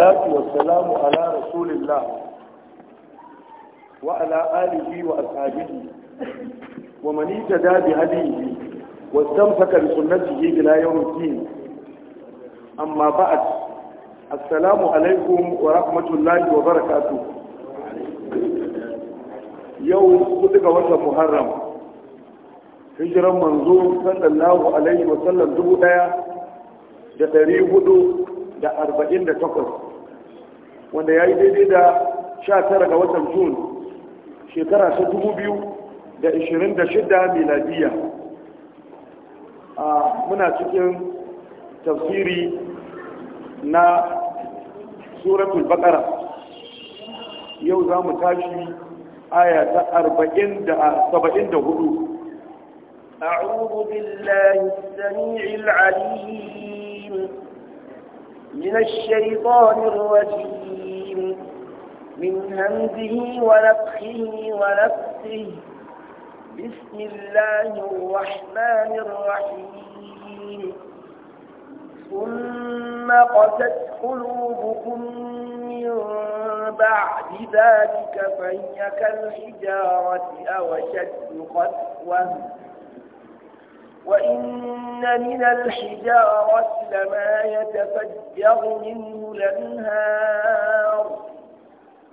a wasalamu ala rasulillah wa ala alihi wa ashabihi wa man ittada bi hadihi wa istamsaka bi sunnatihi ila yawmiddin amma ba'd assalamu alaikum wa rahmatullahi wa barakatuh yau kudu ga wata muharram hijran manzo sallallahu alaihi wa sallam dubu daya da ɗari hudu da arba'in da takwas wanda ya yi daidai da sha tara ga watan jun shekara ta dubu biyu da ishirin da shida miladiya a muna cikin tafsiri na suratul baƙara yau za mu tashi aya ta arba'in da saba'in da hudu أعوذ بالله السميع العليم من الشيطان الرجيم من همزه ونفخه ونفسه بسم الله الرحمن الرحيم ثم قست قلوبكم من بعد ذلك فهي كالحجارة أو شد قسوة وإن من الحجارة لما يتفجر منه الأنهار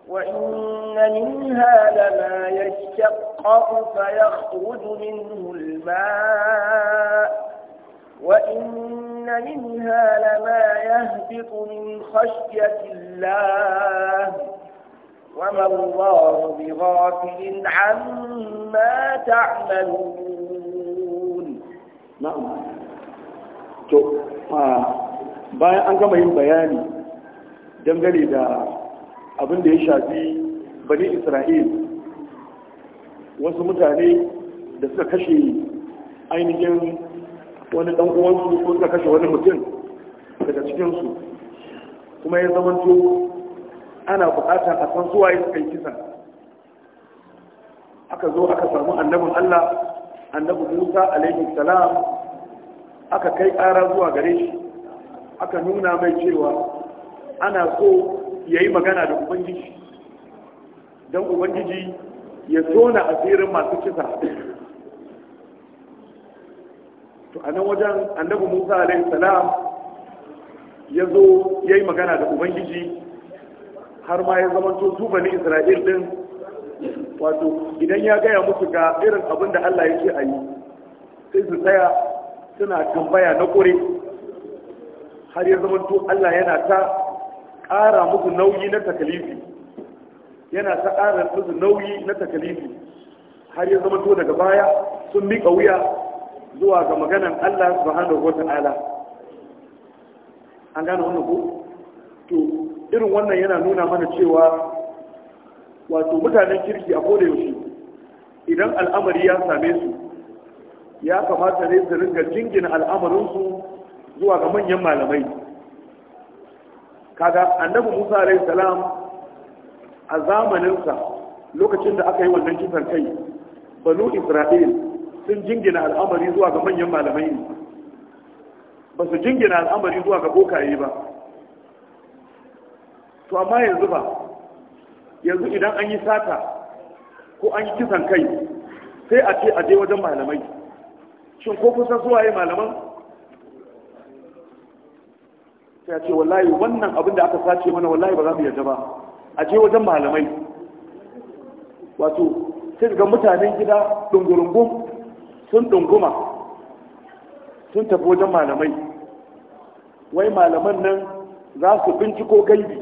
وإن منها لما يشقق فيخرج منه الماء وإن منها لما يهبط من خشية الله وما الله بغافل عما تعملون na'am to bayan an gama yin bayani dangane da abin da ya shafi bani isra'il wasu mutane da suka kashe ainihin wani dan uwansu ko suka kashe wani mutum daga cikinsu kuma ya zamanto ana bukata a san suwaye suka yi kisa aka zo aka samu annabin allah annabi musa alaihi salam aka kai ƙara zuwa gare shi aka nuna mai cewa ana so ya yi magana da ubangiji don ubangiji ya tona asirin masu kisa to a nan wajen annabi musa alaihi salam ya zo ya yi magana da ubangiji har ma ya zamanto su ni isra'il din wato idan ya gaya musu ga irin abin da allah ya ce a yi sai su tsaya suna tambaya na ƙure har ya zama to Allah yana ta ƙara musu nauyi na takalifi yana ta ƙara musu nauyi na takalifi har ya zama to daga baya sun miƙa wuya zuwa ga maganan Allah hannun wa ta'ala an gane wannan ko to irin wannan yana nuna mana cewa wato mutanen kirki a kodayaushe yaushe idan al'amari ya same su ya kamata ne su ringa jingina al'amarinsu zuwa ga manyan malamai kaga annabi musa alayhi salam a zamaninsa lokacin da aka yi wannan kisan kai banu isra'il sun jingina al'amari zuwa ga manyan malamai ne ba su jingina al'amari zuwa ga bokaye ba to amma yanzu ba yanzu idan an yi sata ko an yi kisan kai sai a ce a je wajen malamai shin ko kusa zuwa yi malaman sai ce wallahi wannan abin da aka sace mana wallahi ba za mu yarda ba a je wajen malamai wato sai ga mutanen gida dungurungum sun dunguma sun tafi wajen malamai wai malaman nan za su binciko gaibi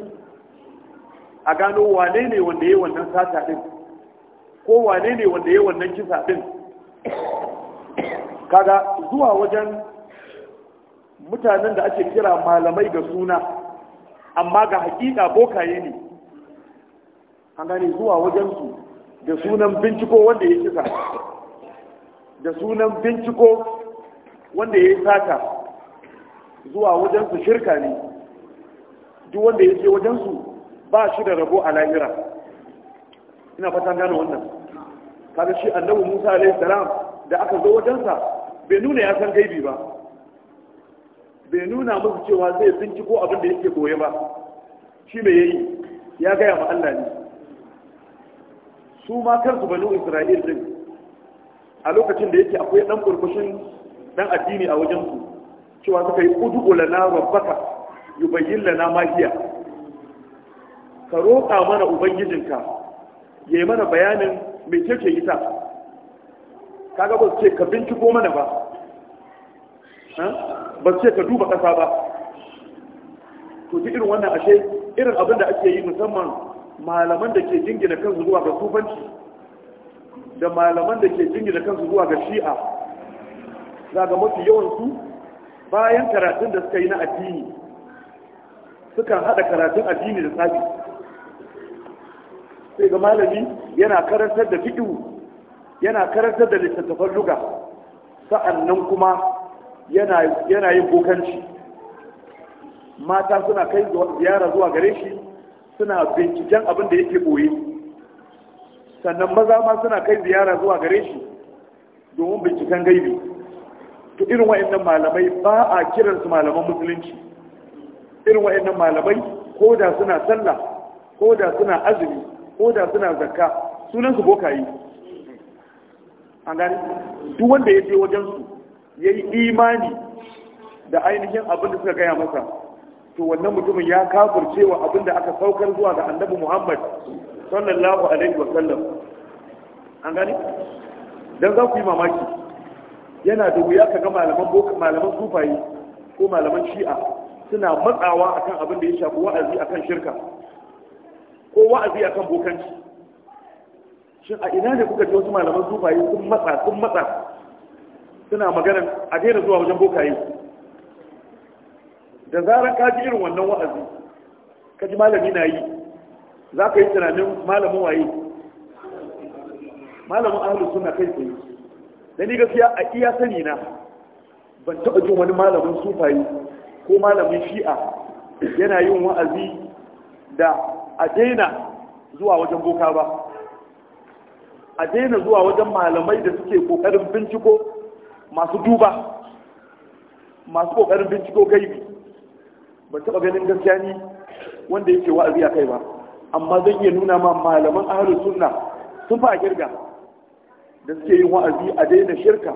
a gano wane ne wanda ya wannan sata din ko wane ne wanda ya wannan kisa din kaga zuwa wajen mutanen da ake kira malamai ga suna amma ga hakika bokaye ne an gane zuwa wajensu da sunan binciko wanda ya cika, da sunan binciko wanda ya saka, sata zuwa wajensu shirka ne duk wanda ya je wajensu ba shi da rabo a lahira ina fatan gane wannan kaga shi annabi musa alaihi salam da aka zo wajensa bai nuna ya san gaibi ba bai nuna musu cewa zai binciko abin da yake goye ba shi mai yayi ya gaya ma Allah ne su ma kansu banu Isra'il din a lokacin da yake akwai dan kurkushin dan addini a wajen su cewa suka yi ud'u lana rabbaka yubayyin lana ma hiya ka roƙa mana ubangijinka yayi mana bayanin me ce ita kaga ba su ce ka binciko mana ba ba su ce ka duba ƙasa ba to ji irin wannan ashe irin abin da ake yi musamman malaman da ke jingina kan zuwa ga sufanci da malaman da ke jingina kan zuwa ga shi'a za ga mafi yawansu bayan karatun da suka yi na addini sukan haɗa karatun addini da tsafi sai ga malami yana karantar da fiƙihu yana karantar da littattafan luga sa'annan kuma yana yin bukanci mata suna kai ziyara zuwa gare shi suna binciken abin da yake boye sannan maza ma suna kai ziyara zuwa gare shi domin binciken gaibi to irin wa'annan malamai ba a kiransu malaman musulunci irin wa'annan malamai ko da suna sallah ko da suna azumi ko da suna zakka sunansu bokaye an gani duk wanda ya je wajen su ya yi imani da ainihin abin da suka gaya masa to wannan mutumin ya kafirce wa abin da aka saukar zuwa ga annabi muhammad sallallahu alaihi wa sallam an gani dan za ku yi mamaki yana da wuya ka ga malaman boko malaman sufayi ko malaman shi'a suna matsawa akan abin da ya shafi wa'azi akan shirka ko wa'azi akan bokanci shin a ina ne kuka ji wasu malaman sufaye sun matsa sun matsa suna magana a daina zuwa wajen bokaye da zarar ka ji irin wannan wa'azi ka ji malami na yi za ka yi tunanin malamin waye malamin ahalus suna kai tsaye da ni gaskiya a iya sani na ban taɓa jin wani malamin sufaye ko malamin shi'a yana yin wa'azi da a daina zuwa wajen boka ba a daina zuwa wajen malamai da suke kokarin binciko masu duba masu kokarin binciko gaibi ban taba ganin gaskiya ni wanda yake wa'azi a kai ba amma zan iya nuna ma malaman ahlus sunna sun fa girga da suke yin wa'azi a daina shirka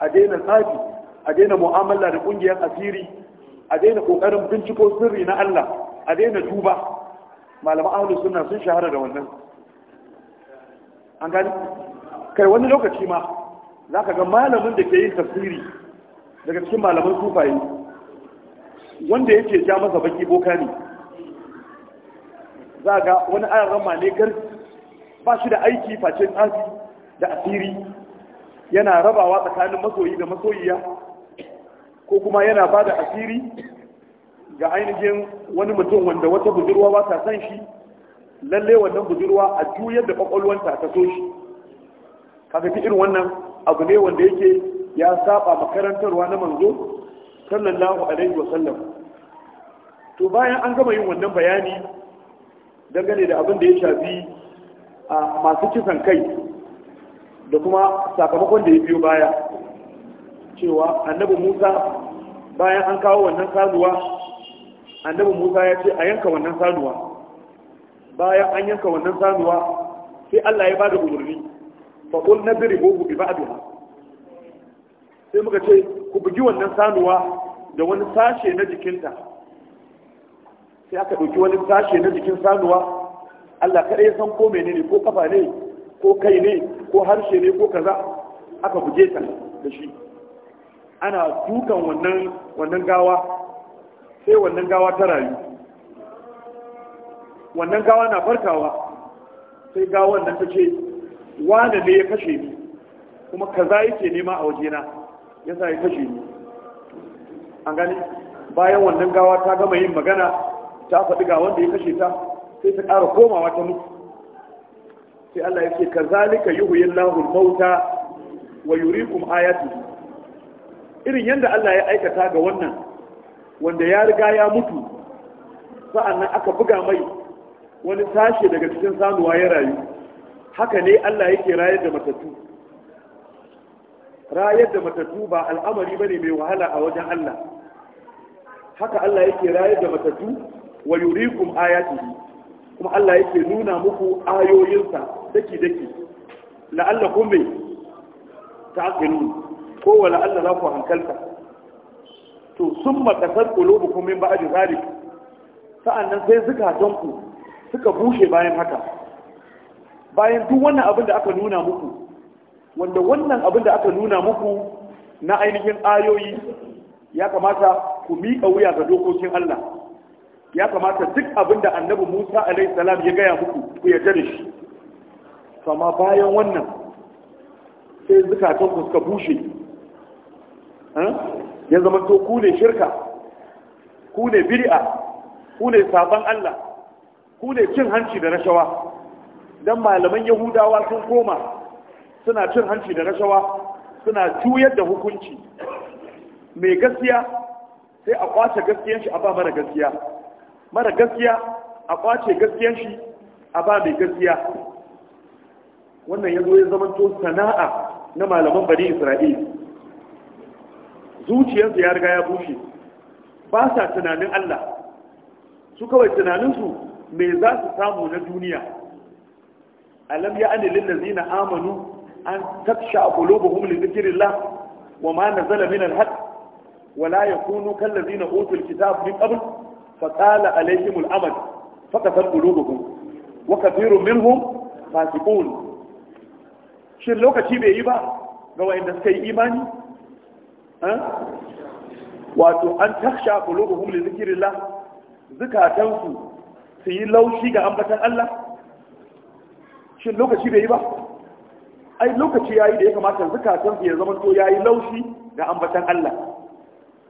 a daina tsafi a daina mu'amala da kungiyar asiri a daina kokarin binciko sirri na Allah a daina duba malaman ahlus sunna sun shahara da wannan an gani kai wani lokaci ma za ka ga malamin da ke yin tafsiri daga cikin malaman sufaye wanda yake ja masa baki boka ne za ga wani ayar rama ne kar ba shi da aiki face tsafi da asiri yana rabawa tsakanin masoyi da masoyiya ko kuma yana ba da asiri ga ainihin wani mutum wanda wata budurwa ba ta san shi lalle wannan budurwa a juyar da kwakwalwanta ta so shi kaga fi irin wannan abu ne wanda yake ya saba makarantarwa na manzo sallallahu alaihi wa sallam to bayan an gama yin wannan bayani dangane da abin da ya shafi a masu kisan kai da kuma sakamakon da ya biyo baya cewa annabi musa bayan an kawo wannan saduwa annabi musa ya ce a yanka wannan saduwa bayan an yanka wannan sanuwa sai Allah ya ba bada umurni fa qul nadribuhu bi ba'dha sai muka ce ku bugi wannan sanuwa da wani sashe na jikinta sai aka dauki wani sashe na jikin sanuwa Allah kada ya san ko menene ko kafa ne ko kai ne ko harshe ne ko kaza aka buge ta da shi ana dukan wannan wannan gawa sai wannan gawa ta rayu wannan gawa na farkawa sai gawan nan ta ce wane ne ya kashe ni kuma kaza yake nema a wajena yasa ya kashe ni an gani bayan wannan gawa ta gama yin magana ta faɗi ga wanda ya kashe ta sai ta ƙara komawa ta mutu sai Allah ya ce kazalika yuhyin lahul mauta wa yurikum ayatu. irin yadda Allah ya aikata ga wannan wanda ya riga ya mutu sa'annan aka buga mai wani sashe daga cikin sanuwa ya rayu haka ne Allah yake rayar da matattu rayar da matattu ba al'amari bane mai wahala a wajen Allah haka Allah yake rayar da matattu wa yurikum ayatihi kuma Allah yake nuna muku ayoyinsa daki daki la'allakum bi ta'qilun ko wa la'alla za ku hankalta to summa kasar qulubukum min ba'di zalik sa'annan sai zukatanku suka bushe bayan haka bayan duk wannan abin da aka nuna muku wanda wannan abin da aka nuna muku na ainihin ayoyi ya kamata ku miƙa wuya ga dokokin Allah ya kamata duk abin da annabi Musa alaihi salam ya gaya muku ku yarda da shi kama bayan wannan sai zukatan ku suka bushe ya zama to ku ne shirka ku ne bid'a ku ne saban Allah ku ne cin hanci da rashawa don malaman yahudawa sun koma suna cin hanci da rashawa suna juyar da hukunci mai gaskiya sai a kwace gaskiyan shi a ba mara gaskiya mara gaskiya a kwace gaskiyan shi a ba mai gaskiya wannan ya zo ya zamanto sana'a na malaman bari isra'il zuciyarsa ya riga ya bushe ba sa tunanin allah su kawai tunaninsu me za su samu na duniya alam ya ani lillazina amanu an taksha qulubuhum li dhikrillah wa ma nazala min al-haqq wa la yakunu kallazina utul kitab min qabl fa qala alayhim al-amad fa qasat qulubuhum wa kathirun minhum fasiqun shin lokaci bai yi ba ga wayanda suka yi imani eh? wato an taksha qulubuhum li dhikrillah zukatansu su yi laushi ga ambatan Allah shi lokaci bai yi ba ai lokaci ya yi da ya kamata zukatan su ya zama to ya yi laushi ga ambatan Allah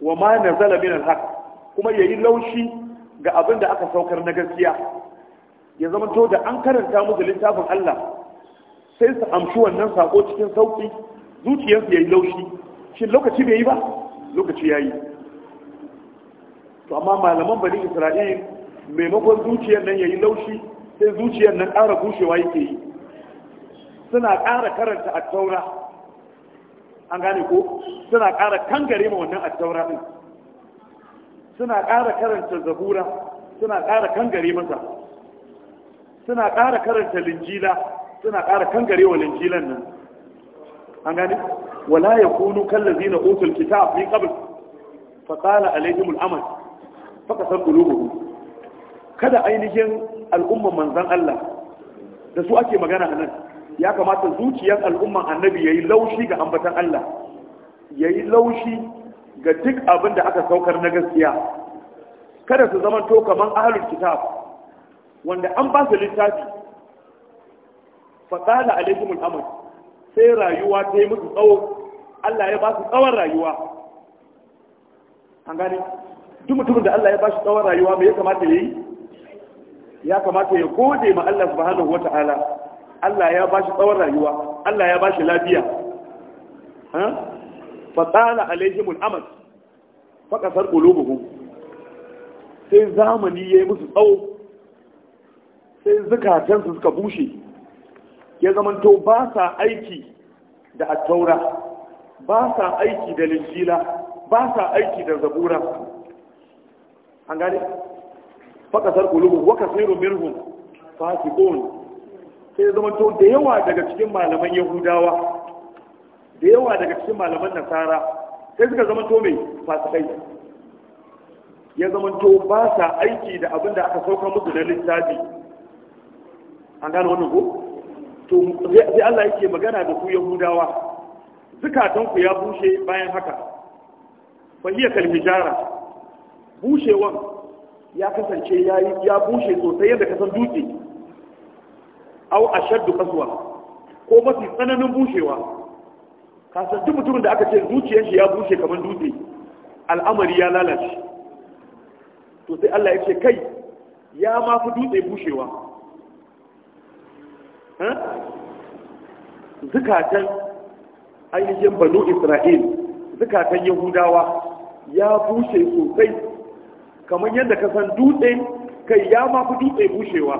wa ma nazala min al-haq kuma ya yi laushi ga abin da aka saukar na gaskiya ya zama to da an karanta da littafin Allah sai su amshi wannan sako cikin sauki zuciyarsu ya yi laushi shi lokaci bai yi ba lokaci ya yi to amma malaman bani isra'il maimakon zuciyar nan ya yi laushi sai zuciyar nan ƙara bushewa yake yi suna ƙara karanta a taura an gane ko suna ƙara kangare ma wannan a taura ɗin suna ƙara karanta zabura suna ƙara kangare masa suna ƙara karanta linjila suna ƙara kangare wa linjilan nan an gane wala ya kunu kallazi na otul kitab min qabl fa qala alaihimul amal fa kasar qulubuhum kada ainihin al'umman manzan Allah da su ake magana a nan ya kamata zuciyar al'umman annabi ya yi laushi ga ambatan Allah ya yi laushi ga duk abin da aka saukar na gaskiya kada su zama to kaman ahalul kitab wanda an ba su littafi fasala alaihimul amal sai rayuwa ta yi musu tsawo Allah ya ba su tsawon rayuwa an gane duk mutumin da Allah ya ba shi tsawon rayuwa me ya kamata ya yi ya kamata ya gode ma Allah subhanahu wata'ala Allah ya bashi tsawon rayuwa Allah ya bashi lafiya fa tsala alaihimul amal fa kasar qulubuhum sai zamani yayi musu tsawo sai su suka bushe ya zamanto ba sa aiki da attaura ba sa aiki da linjila ba sa aiki da zabura an gane fakasar qulubu wa kaseerun minhum fasiqun sai zama to da yawa daga cikin malaman yahudawa da yawa daga cikin malaman nasara sai suka zama to mai fasikai ya zama to ba sa aiki da abin da aka sauka musu na littafi an gano wannan ko to sai Allah yake magana da ku yahudawa zukatanku ya bushe bayan haka fahiyar kalmijara bushewan ya kasance ya bushe sosai yadda kasan dutse au a shaddu kasuwa ko mafi tsananin bushewa kasan duk mutumin da aka ce zuciyar shi ya bushe kamar dutse al'amari ya lalace to sai Allah ya ce kai ya ma fi dutse bushewa zukatan ainihin banu isra'il zukatan yahudawa ya bushe sosai kamar yadda ka san dutse kai ya ma fi dutse bushewa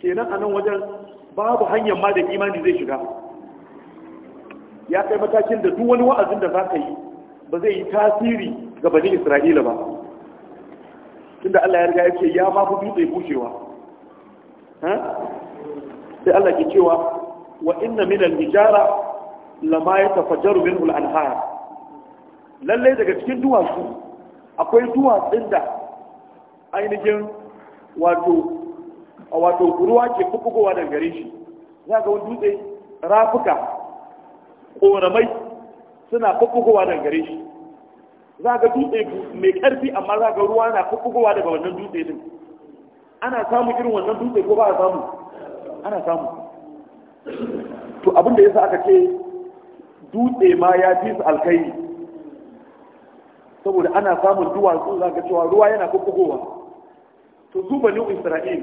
kenan a nan wajen babu hanyar ma da imani zai shiga ya kai matakin da duk wani wa'azin da za ka yi ba zai yi tasiri ga bani isra'ila ba tunda allah ya riga ya ce ya ma fi dutse bushewa sai allah ke cewa wa inna minal hijara lama ya min al lallai daga cikin duwatsu akwai duwatsun da ainihin wato wato ruwa ke fukukowa daga gare shi za ga wani dutse rafuka ƙoramai suna fukukowa daga gare shi za ga dutse mai ƙarfi amma za ga ruwa na fukukowa daga wannan dutse din ana samun irin wannan dutse ko ba a samu ana samu to abin da yasa aka ce dutse ma ya fi su alkhairi saboda ana samun duwatsu za ka cewa ruwa yana kukkugowa to zuba banu isra'il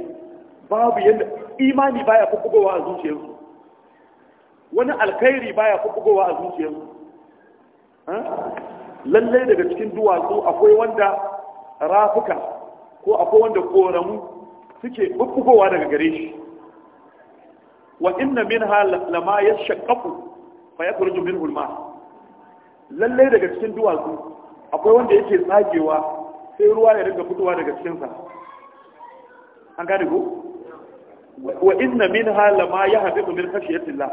babu yadda imani baya kukkugowa a zuciyarsu wani alkhairi baya kukkugowa a zuciyarsu lallai daga cikin duwatsu akwai wanda rafuka ko akwai wanda koramu suke kukkugowa daga gare shi wa inna minha lama yashaqqu fa yakhruju minhu al-ma lallai daga cikin duwatsu akwai wanda yake tsagewa sai ruwa ya riga fitowa daga cikinsa an gane ko wa inna min halama ya haɗu min khashiyatillah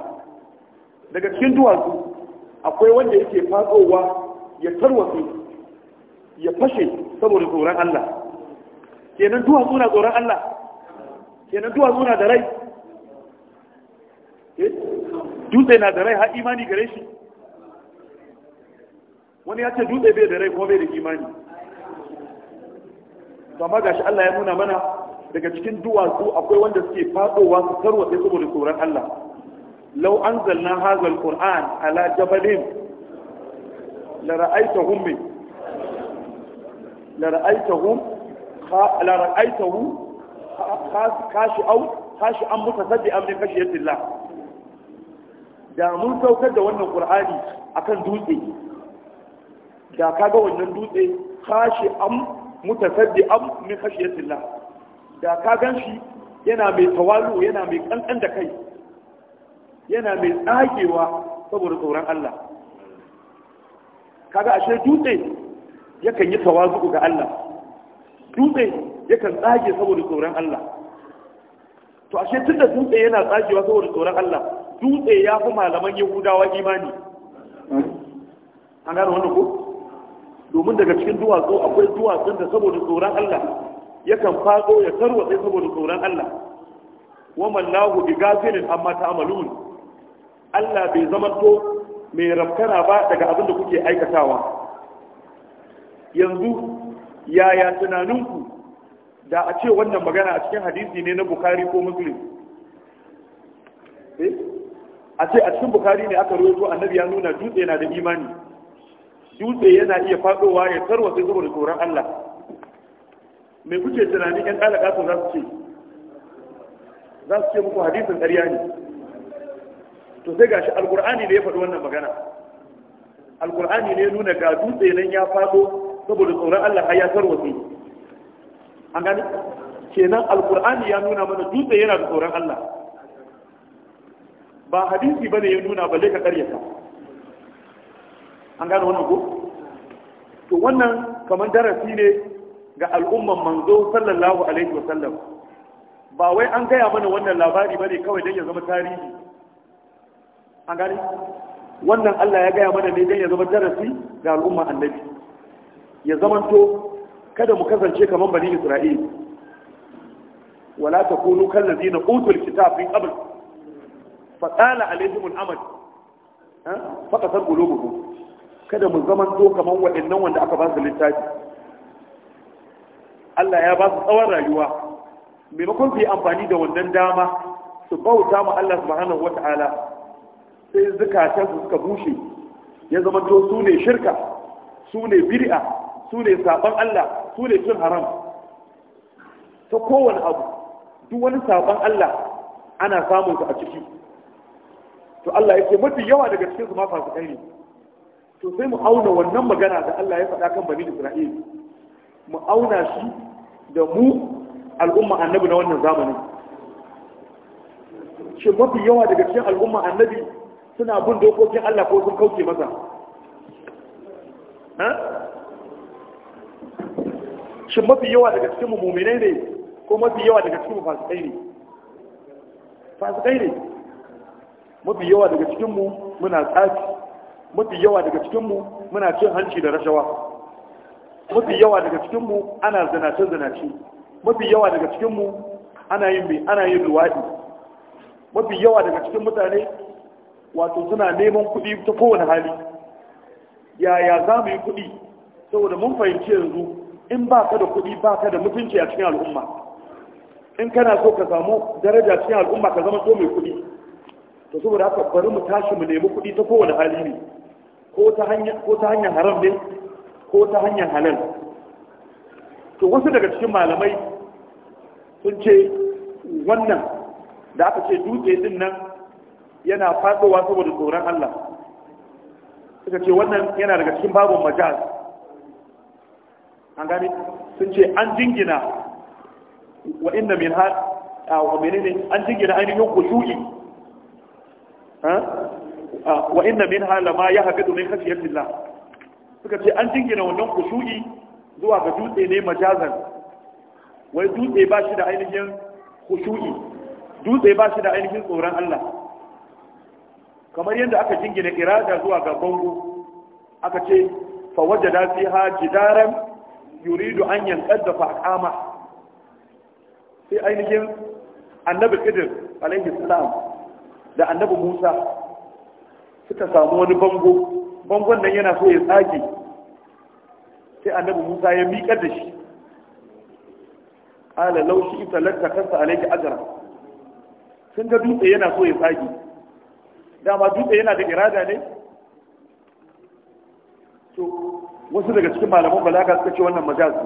daga cikin duwatsu akwai wanda yake fatsowa ya tarwatsu ya fashe saboda tsoron Allah kenan duwatsu na tsoron Allah kenan duwatsu na da rai eh? dutse na da rai har imani gare shi wani ya ce dutse bai da rai kuma bai da imani amma gashi Allah ya nuna mana daga cikin duwatsu akwai wanda suke fadowa su tarwatsa saboda tsoron Allah law anzalna hadha alquran ala jabalin la ra'aytahum min la ra'aytahum la ra'aytahu kashi au kashi an mutasaddi amrin kashiyatillah da mun saukar da wannan qur'ani akan dutse da kaga wannan dutse kashi am mutasaddi am min khashiyatillah da ka ganshi yana mai tawalu yana mai kankan da kai yana mai tsagewa saboda tsoron Allah kaga ashe dutse yakan yi tawazu ga Allah dutse yakan tsage saboda tsoron Allah to ashe tunda dutse yana tsagewa saboda tsoron Allah dutse ya fi malaman Yahudawa imani an gano wannan ko domin daga cikin duwatsu akwai duwatsun da saboda tsoron Allah yakan faɗo ya tarwatsa saboda tsoron Allah wa lahu bi gafirin amma ta'malun Allah bai zama zamanto mai rabkara ba daga abin da kuke aikatawa yanzu yaya tunaninku da a ce wannan magana a cikin hadisi ne na bukari ko muslim eh? a ce a cikin bukari ne aka zuwa annabi ya nuna dutse na da imani dutse yana iya fadowa ya sai saboda tsoron Allah mai kuce tunani ɗan ɗalaka su za su ce za su ce muku hadisin ƙarya ne to sai gashi alkur'ani ne ya faɗi wannan magana alkur'ani ne nuna ga dutse nan ya faɗo saboda tsoron Allah har ya sai an gani kenan alkur'ani ya nuna mana dutse yana da tsoron Allah ba hadisi bane ya nuna balle ka ƙaryata an gane wannan ko to wannan kamar darasi ne ga al'umman manzo sallallahu alaihi wasallam ba wai an gaya mana wannan labari bane kawai dan ya zama tarihi an gane wannan Allah ya gaya mana ne dan ya zama darasi ga al'umman annabi ya zamanto kada mu kasance kamar bani isra'il wala takunu kallazina utul kitab min qabl fatala alaihim al'amal fa qasar qulubuhum kada mu zaman to kaman waɗannan wanda aka ba su littafi Allah ya ba su tsawon rayuwa maimakon su yi amfani da wannan dama su bauta ma Allah subhanahu wata'ala sai zukatan su suka bushe ya zama to su ne shirka su ne bid'a su ne saban Allah su ne cin haram ta kowane abu duk wani saban Allah ana samun su a ciki to Allah yake mafi yawa daga cikin su ma fasikai ne to sai mu auna wannan magana da Allah ya faɗa kan bani Isra'il mu auna shi da mu al'umma annabi na wannan zamanin shi mafi yawa daga cikin al'umma annabi suna bin dokokin Allah ko sun kauce masa shi mafi yawa daga cikin mu'minai ne ko mafi yawa daga cikin fasikai ne fasikai ne mafi yawa daga cikinmu muna tsafi mafi yawa daga cikinmu muna cin hanci da rashawa mafi yawa daga cikinmu ana zanace-zanace mafi yawa daga cikinmu ana yin mai ana yin luwaɗi mafi yawa daga cikin mutane wato suna neman kuɗi ta kowane hali yaya za mu yi kuɗi saboda mun fahimci yanzu in ba ka da kuɗi ba ka da mutunci a cikin al'umma in kana so ka samu daraja cikin al'umma ka zama so mai kuɗi to saboda haka bari mu tashi mu nemi kuɗi ta kowane hali ne ko ta hanyar haram ne ko ta hanyar halal to wasu daga cikin malamai sun ce wannan da aka ce dutse din nan yana fadowa saboda tsoron Allah suka ce wannan yana daga cikin babin majaz an gane sun ce an jingina wa inda min har a wa menene an jingina ainihin ku ha wa inna minha lama yahbitu min Allah suka ce an jingina wannan kushu'i zuwa ga dutse ne majazan wai dutse ba shi da ainihin kushu'i dutse ba shi da ainihin tsoron Allah kamar yadda aka jingina irada zuwa ga bango aka ce fa wajada fiha jidaran yuridu an yanqadda fa aqama sai ainihin annabi kidir alaihi salam da annabi musa suka samu wani bango bangon nan yana so ya tsage sai annabi musa ya miƙar da shi ala laushi ita lakka kansa alaiki ajara sun ga dutse yana so ya tsage dama dutse yana da irada ne to wasu daga cikin malaman balaga suka ce wannan majazi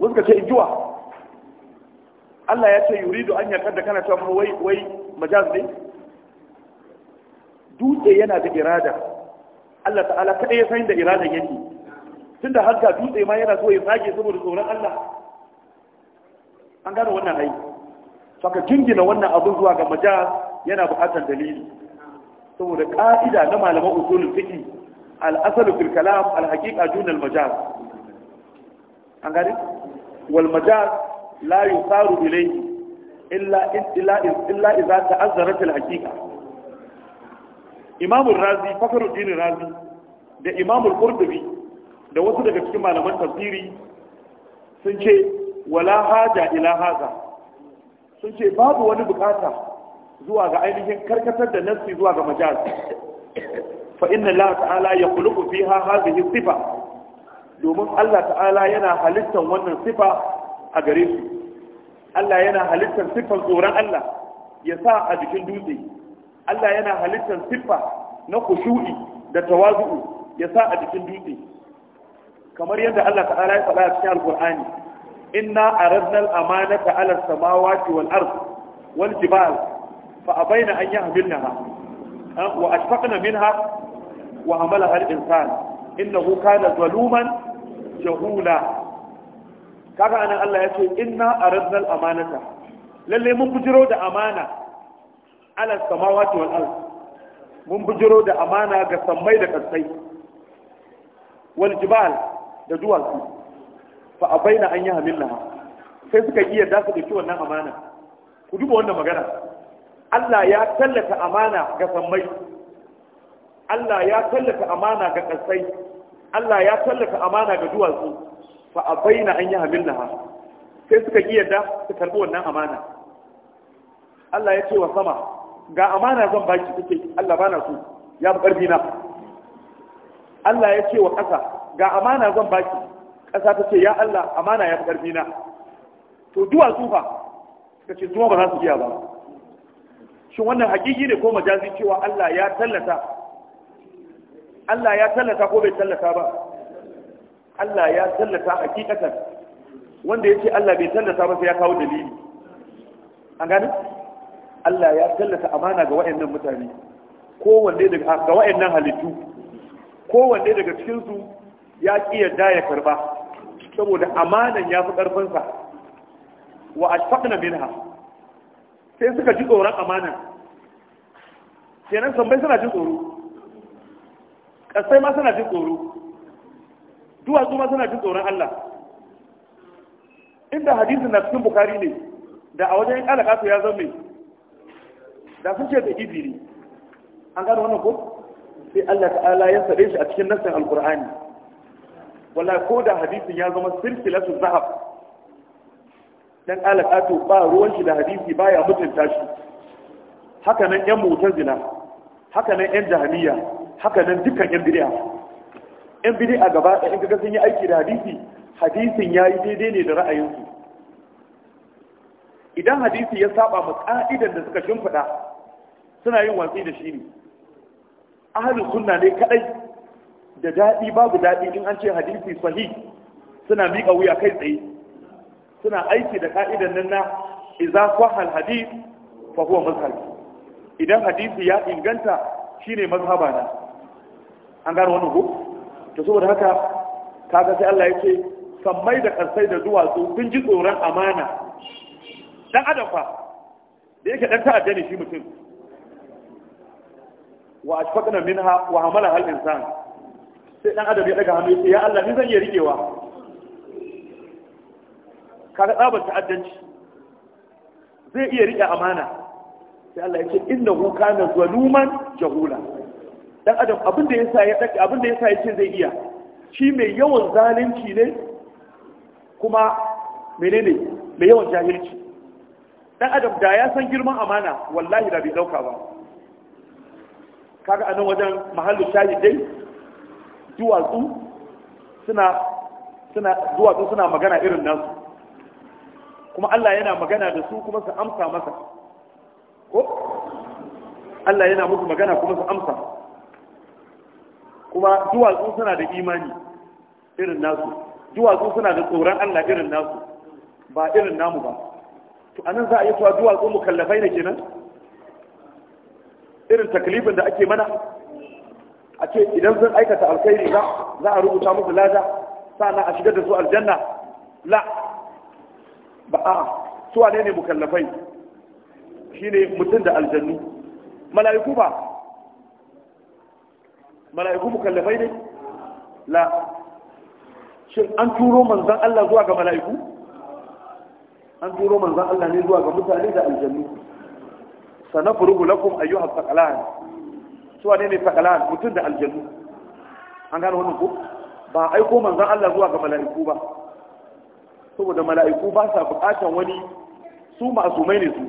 wasu ka ce ijuwa Allah ya ce yuridu an yakar da kana cewa wai wai majaz ne dutse yana da irada Allah ta'ala kada ya san da irada yake tunda har ga dutse ma yana so ya tsage saboda tsoron Allah an gano wannan ai ka jingina wannan abin zuwa ga majaz yana buƙatar dalili saboda ka'ida na malaman usulul fiqh al-asl fil kalam al-haqiqa dun al-majaz an gane wal majaz la yusaru ilayhi illa illa illa idza ta'azzarat al-haqiqa imamun razi fakarujin razi da imamun kurdubi da wasu daga cikin malaman tafsiri sun ce wala haja ila haza sun ce babu wani bukata zuwa ga ainihin karkatar da nassi zuwa ga majaz fa inna Allah ta'ala ya khuluqu fiha hadhihi sifa domin Allah ta'ala yana halittar wannan sifa a gare su Allah yana halittar sifar tsoron Allah ya sa a jikin dutse Allah yana halittar siffa na kushu'i da tawazu'u ya sa a jikin dutse kamar yadda Allah ta'ala ya faɗa a cikin alkur'ani inna aradna al-amanata 'ala as-samawati wal ard wal jibal fa abaina an yahmilnaha wa ashfaqna minha wa hamalaha al-insan innahu kana zaluman jahula kaga anan Allah ya ce inna aradna al-amanata lalle mun bujiro da amana ala samawati wal ard mun bujiro da amana ga sammai da kasai wal jibal da duwatsu fa abaina an yi hamilla sai suka iya da su dauki wannan amana ku duba wannan magana Allah ya tallata amana ga sammai Allah ya tallata amana ga kasai Allah ya tallata amana ga duwatsu fa abaina an yi hamilla sai suka iya da su karbi wannan amana Allah ya ce wa sama ga amana zan baki kuke Allah bana so ya fi ƙarfi na Allah ya ce wa ƙasa ga amana zan baki ƙasa ta ce ya Allah amana ya fi ƙarfi na to duwa tsufa suka ce tsuwa ba za su iya ba shin wannan hakiki ne ko majazi cewa Allah ya tallata Allah ya tallata ko bai tallata ba Allah ya tallata hakikatan wanda ya ce Allah bai tallata ba sai ya kawo dalili an gane Allah ya tallata amana ga wa'annan mutane kowanne daga ah, ga wa'annan halittu kowanne daga cikin su ya ki yarda ya karba saboda amanan ya fi karfin sa wa asfaqna minha sai suka ji tsoron amanan kenan sambai suna jin tsoro kasai ma suna jin tsoro duwatsu ma suna jin tsoron Allah inda hadisin na cikin Bukhari ne da a wajen alaka ya zama da sun ce da izini an gano wannan ko sai Allah ta'ala ya sare shi a cikin nassin alqur'ani wallahi ko da hadisin ya zama silsilatu zahab dan alaƙato ba ruwan shi da hadisi baya mutunta shi haka nan yan mutazila haka nan yan jahiliya haka nan dukkan yan bid'a yan bid'a gaba ɗaya in kaga sun yi aiki da hadisi hadisin yayi daidai ne da ra'ayinsu idan hadisi ya saba mu ka'idar da suka shimfiɗa suna yin watsi da shi ne ahalin sunna ne kadai da daɗi babu daɗi in an ce hadisi sahih suna miƙa wuya kai tsaye suna aiki da ka'idan nan na idza sahal hadith fa huwa mazhab idan hadisi ya inganta shine mazhaba na an gano wannan ko to saboda haka kaga sai Allah ya yake sammai da karsai da duwatsu kun ji tsoron amana dan adam fa da yake ɗan ta'adda ne shi mutum wa ashfaqna minha wa hamala hal insan sai dan adam ya daga hannu ya Allah ni zan iya rikewa kaga tsabar ta'addanci zai iya rike amana sai Allah ya ce innahu kana zaluman jahula dan adam abin da yasa ya dake abin da yasa ya ce zai iya shi mai yawan zalunci ne kuma menene mai yawan jahilci dan adam da ya san girman amana wallahi da bai dauka ba kaga anan wajen mahallin shayi dai duwatsu suna suna duwatsu suna magana irin nasu kuma Allah yana magana da su kuma su amsa masa ko Allah yana musu magana kuma su amsa kuma duwatsu suna da imani irin nasu duwatsu suna da tsoron Allah irin nasu ba irin namu ba to anan za a yi cewa duwatsu mukallafai ne kenan irin taklifin da ake mana a ce idan sun aikata alkhairi za a rubuta musu lada sannan a shigar da su aljanna la ba a suwa ne ne mukallafai ne mutum da aljannu mala'iku ba mala'iku mukallafai ne la shin an turo manzan Allah zuwa ga mala'iku an turo manzan Allah ne zuwa ga mutane da aljannu sanafurugu lakum ayyuha thaqalan su wane ne thaqalan mutum da aljannu an gano wannan ku? ba aiko manzon Allah zuwa ga mala'iku ba saboda mala'iku ba sa bukatan wani su masumai ne su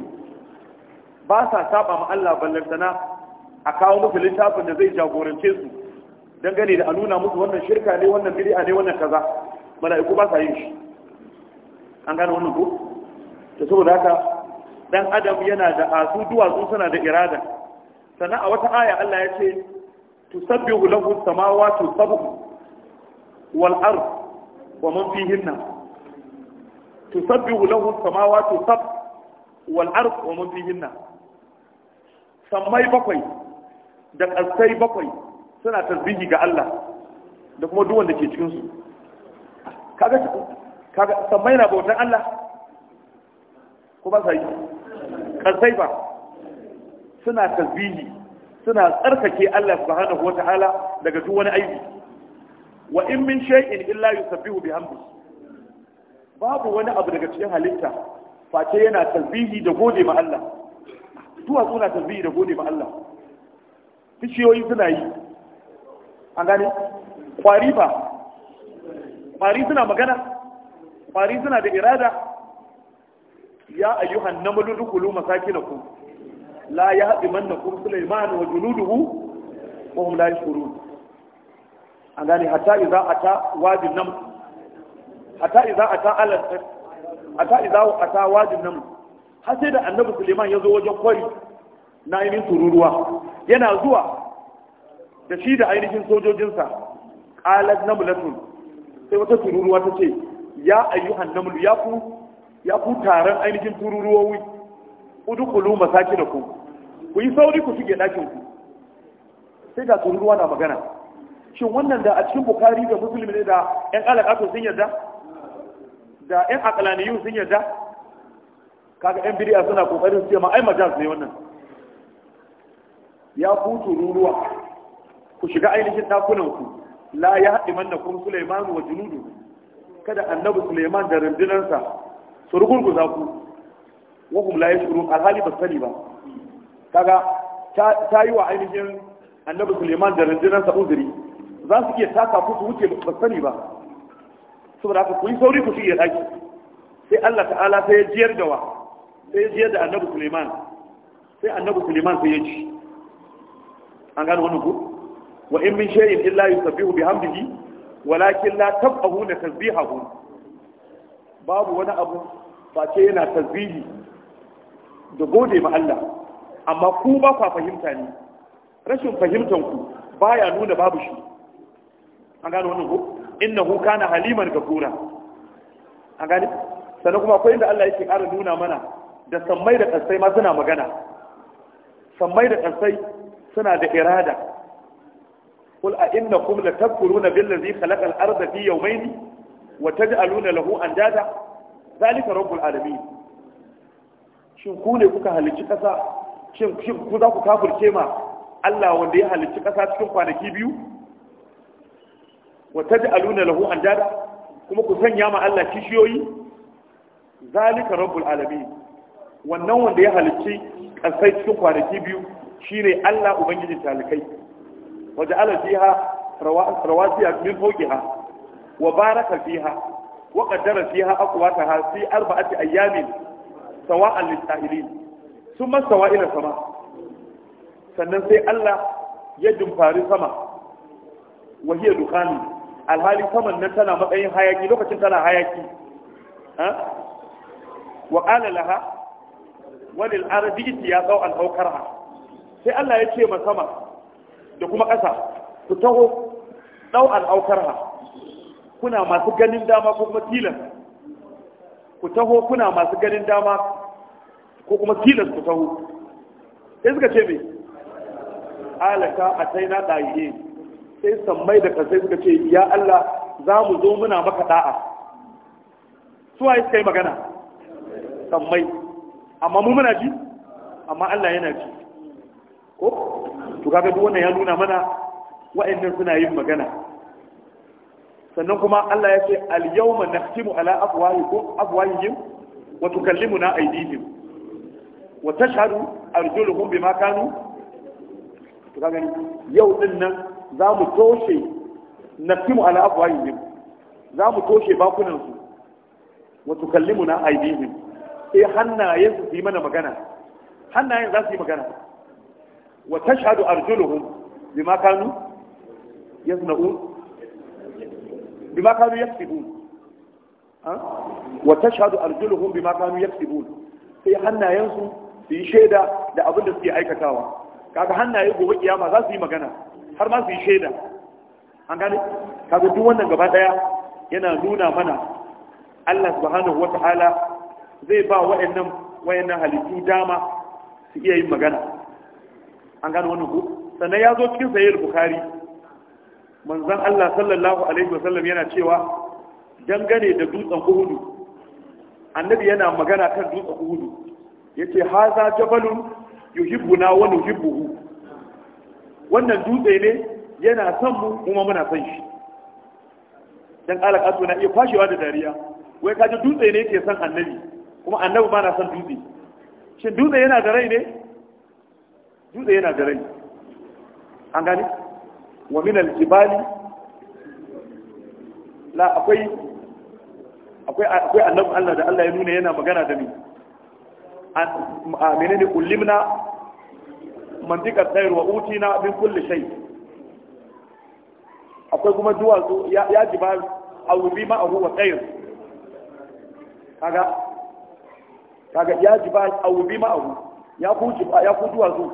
ba sa saba ma Allah ballantana a kawo musu littafin da zai jagorance su dangane da a nuna musu wannan shirka ne wannan bid'a ne wannan kaza mala'iku ba sa yin shi an gano wannan ku? to saboda haka dan adam yana da asu duwatsu suna da irada sannan a wata aya Allah ya ce tusabbihu lahu samawati sab'u wal ard wa man fihinna tusabbihu lahu samawati sab wal ard wa man fihinna sammai bakwai da kasai bakwai suna tasbihi ga Allah da kuma duk wanda ke cikin su kaga kaga sammai na bautan Allah Kuma ba sa yi ba suna tasbihi suna tsarkake Allah subhanahu wataala daga duk wani aiki. wa in min shay'in illa yusabbihu bihamdi babu wani abu daga cikin halitta face yana tasbihi da gode ma Allah duwatsu suna tasbihi da gode ma Allah bishiyoyi suna yi an gane kwari ba kwari suna magana kwari suna da irada ya ayyuhan namlu dukulu masakinakum la yahdimannakum sulaiman wa junuduhu wa hum la yashkurun an gane hatta idza ata wajin nam hatta idza ata ala hatta idza ata wajin nam har sai da annabi sulaiman ya zo wajen kwari na ainihin tururuwa yana zuwa da shi da ainihin sojojinsa qalat namlatun sai wata tururuwa ta ce ya ayyuhan namlu ya ku ya ku taron ainihin tururuwowi udukulu masaki da ku ku yi sauri ku shige ɗakin ku sai ga tururuwa na magana shin wannan da a cikin bukari da musulmi ne da yan alaƙato sun yarda da yan akalaniyun sun yarda kaga yan bidiya suna kokarin su ce ma ai majaz ne wannan ya ku tururuwa ku shiga ainihin ɗakunan ku la ya haɗi manna kun Sulaiman wa junudu kada annabi Sulaiman da rundunarsa ku za ku wahum la yashuru alhali ba sani ba kaga ta yi wa ainihin annabi suleiman da rundunar sa uzuri za su iya taka ku su wuce ba sani ba saboda haka ku yi sauri ku shige daki sai Allah ta'ala sai ya jiyar da wa sai ya jiyar da annabi suleiman sai annabi suleiman sai ya ci an gano wannan ku wa in min shay'in illa yusabbihu bihamdihi walakin la tab'ahu tasbihahu babu wani abu face yana tazbihi da gode ma Allah amma ku ba ku fahimta ne rashin fahimtan ku baya nuna babu shi an gane wannan ko innahu kana haliman gafura an gane sannan kuma akwai inda Allah yake ƙara nuna mana da sammai da ƙasai ma suna magana sammai da ƙasai suna da irada قل أئنكم لتكفرون بالذي خلق الأرض في يومين wa taj'aluna lahu andada zalika rabbul alamin shin ku ne kuka halicci kasa shin ku za ku kafirce ma Allah wanda ya halicci kasa cikin kwanaki biyu wa taj'aluna lahu andada kuma ku sanya ma Allah kishiyoyi zalika wannan wanda ya halicci kasai cikin kwanaki biyu shine Allah ubangijin talikai waje ala fiha rawasiya min fawqiha wa baraka fiha wa qaddara fiha aqwataha fi arba'ati ayyamin sawa'an lis-sa'ilin thumma sawa ila sama sannan sai Allah ya dumfari sama wa hiya dukhani alhali saman nan tana matsayin hayaki lokacin tana hayaki wa qala ya sai Allah ya ce ma sama da kuma ƙasa ku taho ɗau al'aukar ha kuna masu ganin dama ko kuma tilas ku taho kuna masu ganin dama ko kuma tilas ku taho sai suka ce me alaka a sai na ɗaye sai sammai da kasai suka ce ya Allah za mu zo muna maka da'a suwaye suka yi magana sammai amma mu muna ji amma Allah yana ji ko to kaga duk wannan ya nuna mana wa'annan suna yin magana sannan kuma Allah ya ce al-yawma nahtimu ala afwahikum afwahihim wa tukallimuna aydihim wa tashhadu arjuluhum bima kanu to kaga yau din nan za mu toshe nahtimu ala afwahihim za mu toshe bakunan su wa tukallimuna aydihim sai eh, hannayen su yi mana magana hannayen za su yi magana wa tashhadu arjuluhum bima kanu yasna'un bima kanu yaksibun wa tashhadu arjuluhum bima kanu yaksibun sai hannayensu su yi shaida da abin da suke aikatawa kaga hannaye gobe kiyama za su yi magana har ma su yi shaida an gane kaga duk wannan gaba yana nuna mana Allah subhanahu wataala zai ba wa'annan wa'annan halittu dama su iya yin magana an gane wannan ko sannan ya zo cikin sahih bukhari Manzan Allah sallallahu alaihi wasallam yana cewa dangane da dutsen Uhudu, annabi yana magana kan dutsen Uhudu, yace haza jabalun yuhibbuna wa nuhibbuhu wannan dutse ne yana son mu kuma muna son shi dan alaƙa na iya kwashewa da dariya wai kaji dutse ne ke son annabi kuma annabi ba na son dutse shin dutse yana da rai ne dutse yana da rai an gani wa min al-jibali la akwai akwai akwai annabi Allah da Allah ya nuna yana magana da ni a menene ullimna mantiqat sayr wa utina min kulli shay akwai kuma duwatsu ya jibal bi ma huwa sayr kaga kaga ya jibal bi ma hu ya ku ya ku duwatsu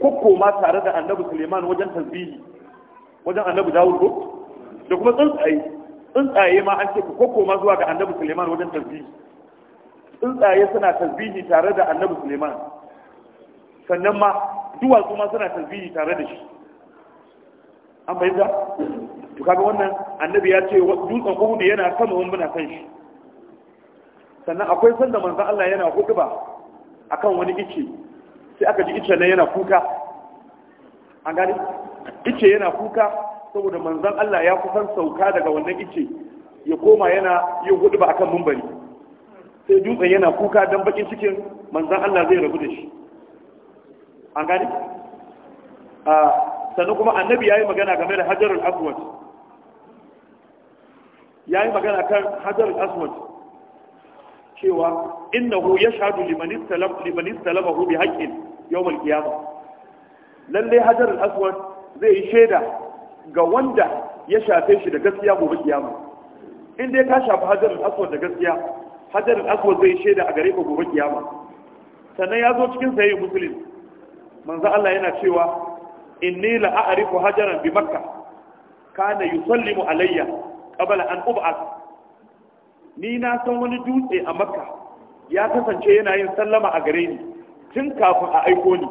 ku ma tare da annabi Suleiman wajen tasbihi wajen annabi dawud ko da kuma tsuntsaye tsuntsaye ma an ce ku koma zuwa ga annabi suleiman wajen tasbihi tsuntsaye suna tasbihi tare da annabi suleiman sannan ma duwatsu ma suna tasbihi tare da shi an da? to kaga wannan annabi ya ce dutsen ne yana sama mun muna kan shi sannan akwai sanda manzon Allah yana hukuba akan wani ice sai aka ji ice nan yana kuka an gani ice yana kuka saboda manzon Allah ya kusan sauka daga wannan ice ya koma yana yin hudu ba akan mumbari sai dutsen yana kuka don bakin cikin manzon Allah zai rabu da shi an gani a sannan kuma annabi ya yi magana game da hajarul aswad ya yi magana kan hajarul aswad cewa innahu yashhadu liman istalama liman istalamahu bi haqqin yawm al-qiyamah lalle hajarul aswad zai yi shaida ga wanda ya shafe shi da gaskiya gobe kiyama in dai ka shafi hajarin aswad da gaskiya hajarin aswad zai yi shaida a gare ka gobe kiyama sannan ya zo cikin sayi musulun manzo Allah yana cewa inni la a'rifu hajaran bi makka kana yusallimu alayya qabla an ub'ath ni na san wani dutse a makka ya kasance yana yin sallama a gare ni tun kafin a aiko ni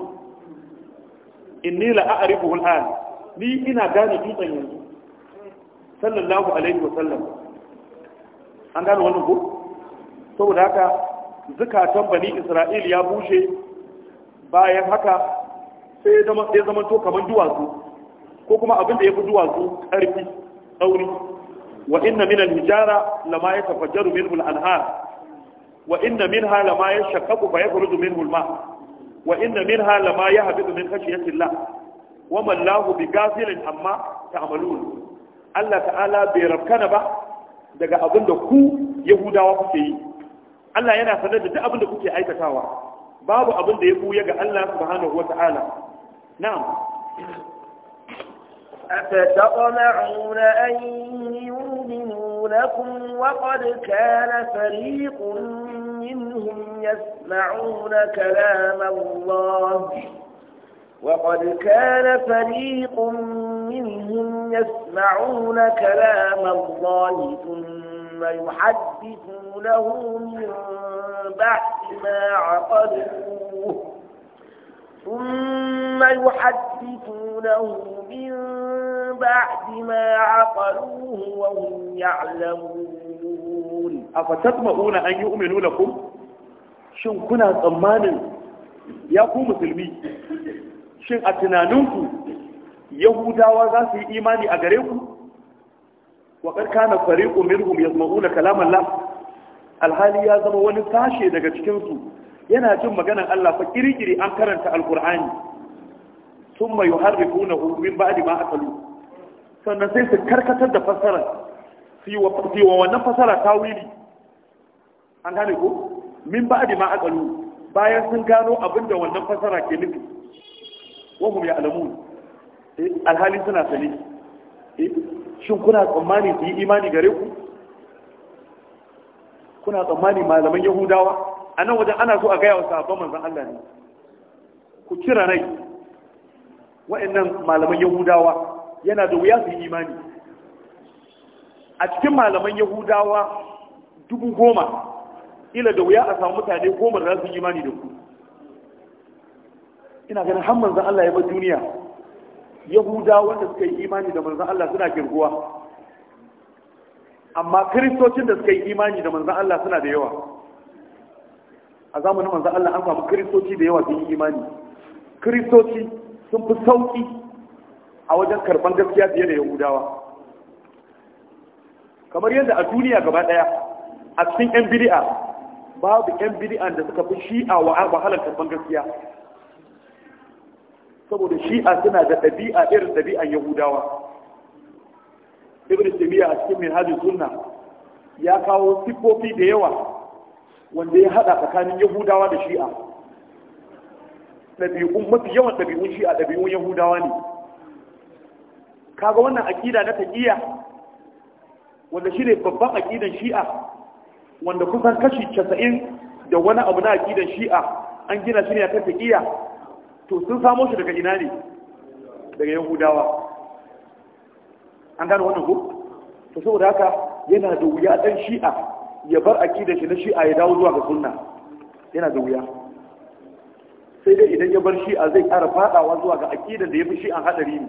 inni la a'rifu al'an ni ina gane dutsen yanzu sallallahu alaihi wa sallam an gane wannan ko saboda haka zukatan bani isra'il ya bushe bayan haka sai ya zama sai zama to kaman duwatsu ko kuma abin da yafi duwatsu karfi tsauri wa inna min al-hijara lama yatafajjaru minhu al-anhar wa inna minha lama yashaqqaqu fa yakhruju minhu al-ma' wa inna minha lama yahbitu min khashyati Allah wa man lahu bighafilin amma ta'malun Allah ta'ala bai rabkana ba daga abin da ku Yahudawa kuke yi Allah yana sanar da duk abin da kuke aikatawa babu abin da ya buya ga Allah subhanahu wa ta'ala na'am أفتطمعون أن يؤمنوا لكم وقد كان فريق منهم يسمعون كلام الله وقد كان فريق منهم يسمعون كلام الله ثم يحدثونه من بعد ما عقلوه ثم يحدثونه من بعد ما عقلوه وهم يعلمون A ma'una an yi da lakum shin kuna tsammanin ya ku musulmi shin a tunaninku yahudawa za su yi imani a gare ku wa na karkana fariqu minhum ma'una kalaman la alhali ya zama wani sashe daga cikinsu yana jin maganan Allah fa kirkiri an karanta Alkur'ani. alqur'ani thumma yuharrifunahu min ba'di ma kalu sannan sai su karkatar da fasara su yi wa wannan fasara tawili an gane ko min da ma aqalu bayan sun gano abin da wannan fasara ke nufi wahum alamu eh, alhali suna sani eh, shin kuna tsammani su yi imani gare ku kuna tsammani malaman yahudawa a nan wajen ana so a gaya wa sahabban manzan Allah ne ku cira rai wa'annan malaman yahudawa yana da wuya su yi imani a cikin malaman yahudawa dubu goma ila da wuya a samu mutane goma da za su yi imani da ku ina ganin har manzan Allah ya bar duniya yahuda wanda suka yi imani da manzan Allah suna girguwa amma kiristocin da suka yi imani da manzan Allah suna da yawa a zamanin manzan Allah an samu kiristoci da yawa sun yi imani kiristoci sun fi sauki a wajen karban gaskiya fiye da yahudawa kamar yadda a duniya gaba daya a cikin yan bid'a babu yan bid'an da suka fi shi'a wa wahalar karban gaskiya saboda shi'a suna da ɗabi'a irin ɗabi'an yahudawa ibn Jami'a a cikin minhajus sunna ya kawo sifofi da yawa wanda ya hada tsakanin yahudawa da shi'a ɗabi'un mafi yawan ɗabi'un shi'a ɗabi'un yahudawa ne kaga wannan aƙida na taƙiyya wanda shi ne babban aƙidan shi'a wanda kusan kashi 90 da wani abu na aqidar shi'a an gina shi ne akan taƙiya, to sun samo shi daga ina ne daga yahudawa an gano wannan ko to saboda haka yana da wuya dan shi'a ya bar aqidar shi na shi'a ya dawo zuwa ga sunna yana da wuya sai dai idan ya bar shi'a zai ƙara fadawa zuwa ga aqidar da ya fi Shi'a hadari ne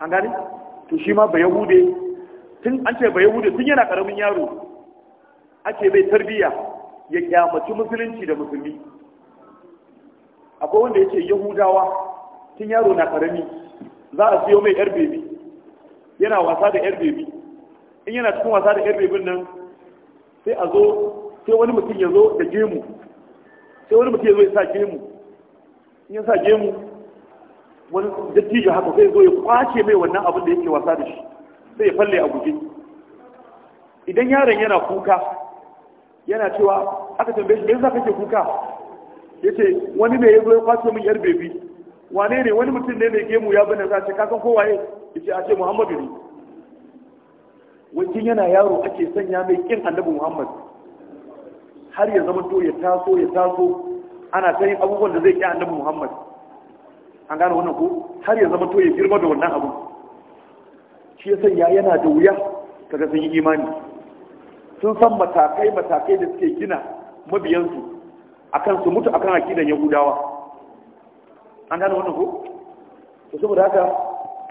an gane to shi ma ba yahude tun an ce ba yahude tun yana karamin yaro ake bai tarbiya ya kyamaci musulunci da musulmi akwai wanda ya ce yahudawa tun yaro na karami za a siyo mai yar bebi yana wasa da yar bebi in yana cikin wasa da yar bebin nan sai a zo sai wani mutum ya zo da gemu sai wani mutum ya zo ya sa gemu in ya sa gemu wani dattijo haka sai zo ya kwace mai wannan abin da yake wasa da shi sai ya falle a guje idan yaron yana kuka yana cewa aka tambaye shi me yasa kake kuka yace wani ne yazo ya kwace min yar bebi wane ne wani mutum ne mai gemu ya bana za ce kasan kowa Ya yace a ce Muhammadu ne wajen yana yaro ake sanya mai kin annabi Muhammad har ya zama to ya taso ya taso ana ta yin abubuwan da zai ki annabi Muhammad an gane wannan ko har ya zama to ya girma da wannan abu shi ya sanya yana da wuya kaga sun yi imani sun san matakai matakai da suke gina mabiyansu akan su mutu akan akidan yahudawa an gane wannan ko to saboda haka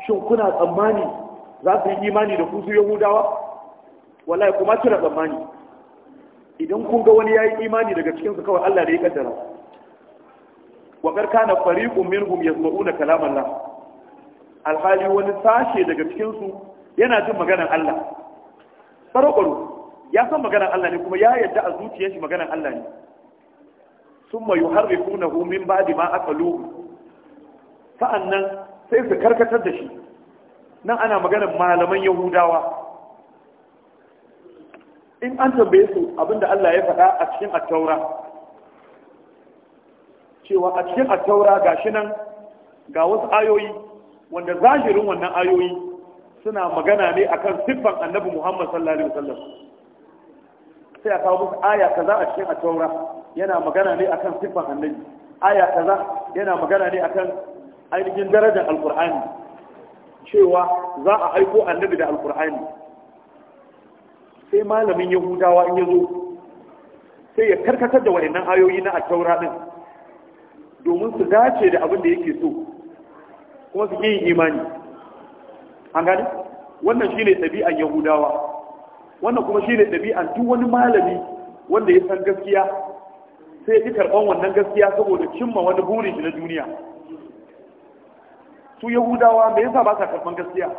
shin kuna tsammani za su yi imani da kusur yahudawa wallahi kuma kira tsammani idan kun ga wani ya yi imani daga cikin su kawai Allah da ya kaddara wa kar kana fariqun minhum yasma'una kalam Allah alhali wani sashe daga cikinsu yana jin maganar Allah farqaru ya san maganar Allah ne kuma ya yarda a zuciyar shi maganar Allah ne summa yuharrifunahu min ba'di ma aqaluhu sa'annan sai su karkatar da shi nan ana maganar malaman yahudawa in an tambaye su abinda Allah ya faɗa a cikin at cewa a cikin at-taura gashi nan ga wasu ayoyi wanda zahirin wannan ayoyi suna magana ne akan siffan annabi Muhammad sallallahu alaihi wasallam sai a kawo musu aya za a cikin a taura yana magana ne akan sifan annabi aya za yana magana ne akan ainihin darajar alkur'ani cewa za a aiko annabi da alkur'ani sai malamin yahudawa in yazo sai ya karkatar da waɗannan ayoyi na a taura din domin su dace da abin da yake so kuma su yi imani an gani wannan shine ɗabi'an yahudawa wannan kuma shine ɗabi'an duk wani malami wanda ya san gaskiya sai ya karɓar wannan gaskiya saboda cimma wani burin shi na duniya su yahudawa me yasa ba sa karɓar gaskiya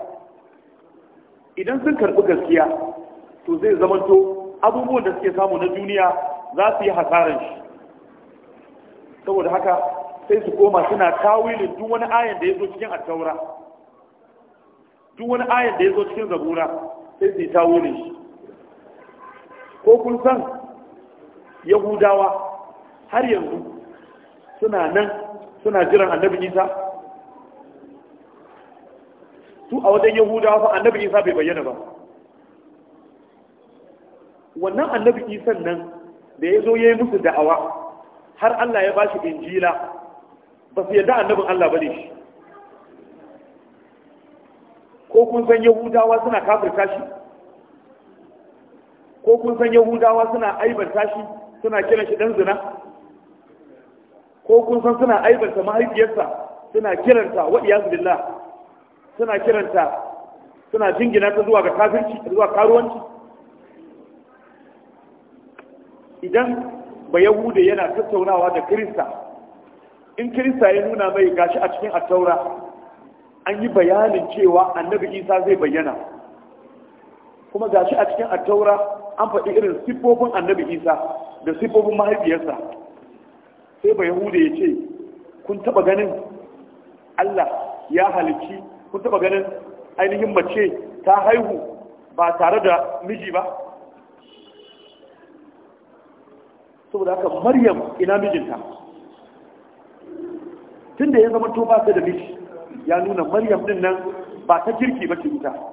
idan sun karɓi gaskiya to zai zamanto abubuwan da suke samu na duniya za su yi hasaran shi saboda haka sai su koma suna tawilin duk wani ayan da ya zo cikin attaura duk wani ayan da ya zo cikin zabura sai su yi tawilin shi ko kun san yahudawa har yanzu suna nan suna jiran annabi isa su a wajen yahudawa fa annabi isa bai bayyana ba wannan annabi isan nan da ya zo ya yi musu da'awa har allah ya ba shi injila ba su yadda annabin allah ba ne shi ko kun san yahudawa suna kafirta shi ko kun san yahudawa suna aibanta shi suna kiran shi dan zina ko kun san suna aibanta mahaifiyarsa suna kiranta wa iyazu billah suna kiranta suna jingina ta zuwa ga kafirci zuwa karuwanci idan ba yahude yana tattaunawa da kirista in kirista ya nuna mai gashi a cikin attaura an yi bayanin cewa annabi isa zai bayyana kuma gashi a cikin attaura an faɗi irin siffofin annabi isa da siffofin mahaifiyarsa sai ba yahuda ya ce kun taɓa ganin allah ya halicci kun taɓa ganin ainihin mace ta haihu ba tare da miji ba saboda haka maryam ina mijinta tun da ya zama to ba ta da miji ya nuna maryam din nan ba ta kirki ba ta ita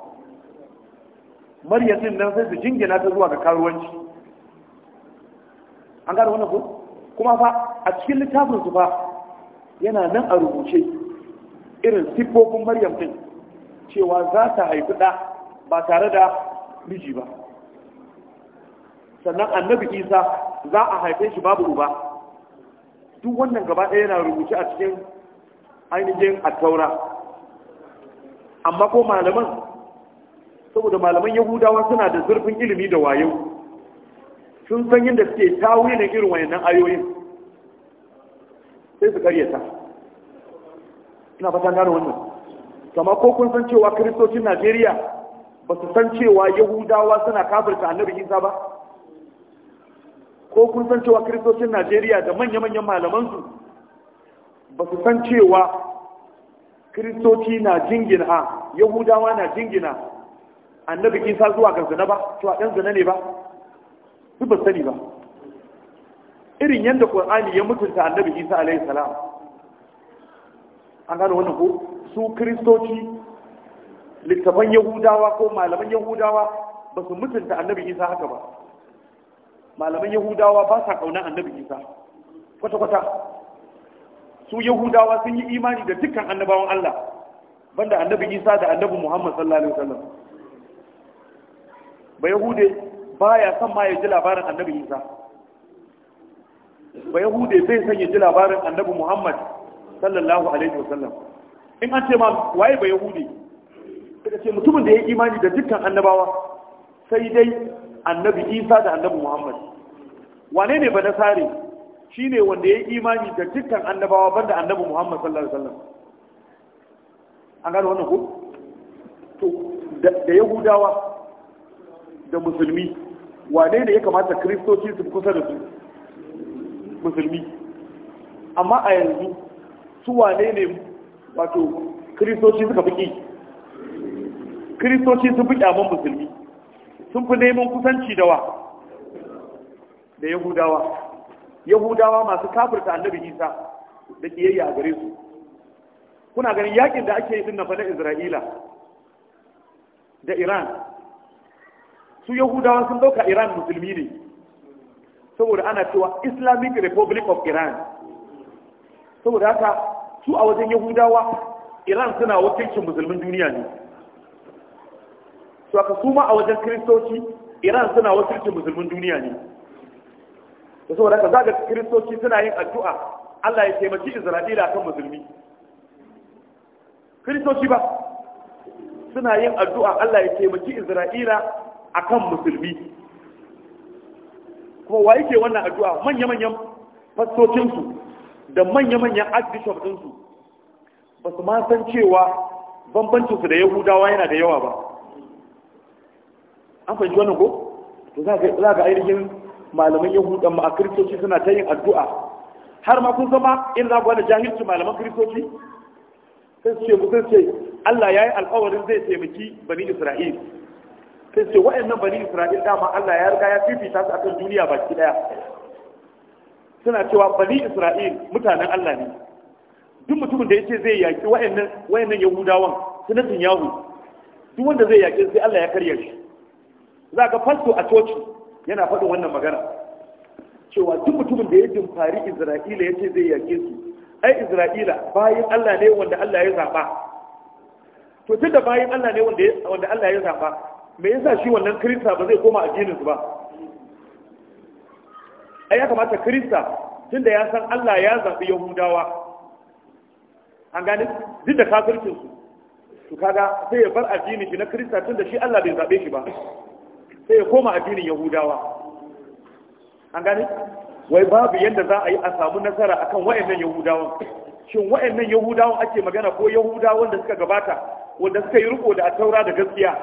ɗin nan sai su jingina ta zuwa ga karuwanci an gada wannan ko kuma fa a cikin littafin su fa yana nan a rubuce irin siffofin maryam din cewa za ta haifi ɗa ba tare da miji ba sannan annabi isa za a haife shi babu uba duk wannan gaba ɗaya yana rubuce a cikin ainihin attaura amma ko malaman saboda malaman yahudawa suna da zurfin ilimi da wayo sun san yadda suke na irin wayannan ayoyin sai su karyata ina fata gano wannan kama ko kun san cewa kiristocin najeriya ba su san cewa yahudawa suna kafirta annabi isa ba ko kun san cewa kiristocin najeriya da manya-manyan malamansu ba su san cewa kiristoci na jingina yahudawa na jingina annabi isa zuwa ga ba cewa dan zana ne ba su ba sani ba irin yadda qur'ani ya mutunta annabi isa alaihi salam an gano wannan ko su kristoci littafan yahudawa ko malaman yahudawa ba su mutunta annabi isa haka ba malaman yahudawa ba sa kauna annabi isa kwata-kwata su yahudawa sun yi imani da dukkan annabawan allah banda annabi isa da annabi muhammad sallallahu alaihi wasallam ba yahude baya son ma ya ji labarin annabi isa ba yahude bai son ya ji labarin annabi muhammad sallallahu alaihi wasallam in an ce ma waye ba yahude sai ce mutumin da ya imani da dukkan annabawa sai dai annabi isa da annabi muhammad wane ne ba nasare shi ne wanda ya imani da dukkan annabawa banda annabi muhammad sallallahu alaihi wasallam an gano wannan ku? to da yahudawa da musulmi wane ne ya kamata kristoci su kusa da su musulmi amma a yanzu su wane ne wato kristoci suka fi kristoci sun fi ƙyamun musulmi sun fi neman kusanci da wa da yahudawa yahudawa masu kafirta annabi isa da ƙiyayya a gare su kuna ganin yakin da ake yi din na faɗin isra'ila da iran su yahudawa sun dauka iran musulmi ne saboda ana cewa islamic republic of iran saboda haka su a wajen yahudawa iran suna wakilcin musulmin duniya ne su aka suma a wajen kiristoci iran suna wakilcin musulmin duniya ne da saboda haka zaga kiristoci suna yin addu'a allah ya taimaki isra'ila kan musulmi kiristoci ba suna yin addu'a allah ya taimaki isra'ila A kan musulmi kuma wa yake wannan addu'a manya-manyan fastocinsu da manya-manyan archbishop ɗinsu ba su ma san cewa bambancinsu da yahudawa yana da yawa ba an fahimci wannan ko to za ga ainihin malaman yahudan ma a kiristoci suna ta yin addu'a har ma kun zama in za gwada jahilci malaman kiristoci sai su ce ce allah ya yi alkawarin zai taimaki bani isra'il sai ce wa'annan bani isra'il dama Allah ya riga ya fifita su akan duniya baki daya suna cewa bani isra'il mutanen Allah ne duk mutumin da yace zai yaki wa'annan wa'annan yahudawan sunatin yahu duk wanda zai yaki sai Allah ya karya shi za ka fasto a coci yana faɗin wannan magana cewa duk mutumin da ya dimfari isra'ila yace zai yaki su ai isra'ila bayan Allah ne wanda Allah ya zaba to tunda bayan Allah ne wanda Allah ya zaba me yasa shi wannan kirista ba zai koma addininsu ba ai ya kamata kirista tunda ya san Allah ya zaɓi yahudawa an gane duk da kafircinsu to kaga sai ya bar addinin shi na kirista tunda shi Allah bai zaɓe shi ba sai ya koma addinin yahudawa an gane wai babu yadda za a yi a samu nasara akan wa'annan yahudawan shin wa'annan yahudawan ake magana ko yahudawan da suka gabata wanda suka yi riko da taura da gaskiya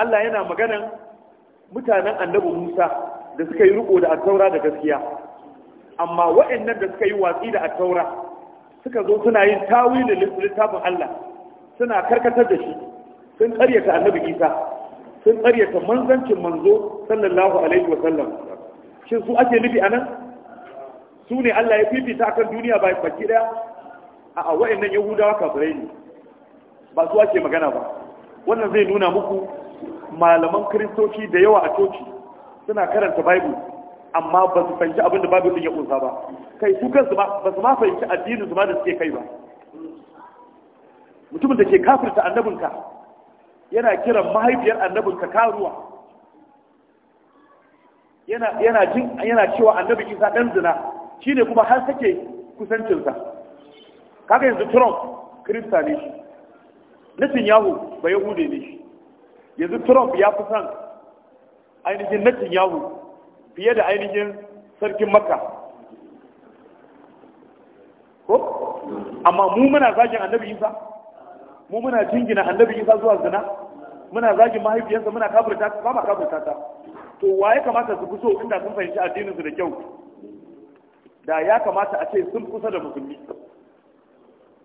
Allah yana maganan mutanen annabi Musa da suka yi riko da attaura da gaskiya amma waɗannan da suka yi watsi da attaura suka zo suna yin tawilin littafin Allah suna karkatar da shi sun karyata annabi Isa sun karyata manzancin manzo sallallahu alaihi wa sallam shin su ake nufi anan su ne Allah ya fifita akan duniya ba baki daya a waɗannan yahudawa kafirai ne ba su ake magana ba wannan zai nuna muku malaman kiristoci da yawa a coci suna karanta bible amma ba su fahimci abin da bible din ya kunsa ba kai su kansu ba su ma fahimci addinin su ma da suke kai ba mutumin da ke kafirta annabinka yana kiran mahaifiyar annabinka karuwa yana yana jin yana cewa annabi Isa dan zina shine kuma har sake kusancinsa kaga yanzu Trump kirista ne shi Netanyahu ba Yahude ne shi yanzu trump ya fi son ainihin nakin yahu fiye da ainihin sarkin makka ko amma mu muna zagin annabi isa mu muna jingina annabi isa zuwa zina muna zagin mahaifiyarsa muna kafirta ba ma kafin ta to wa ya kamata su fi so inda sun fahimci addinin su da kyau da ya kamata a ce sun kusa da musulmi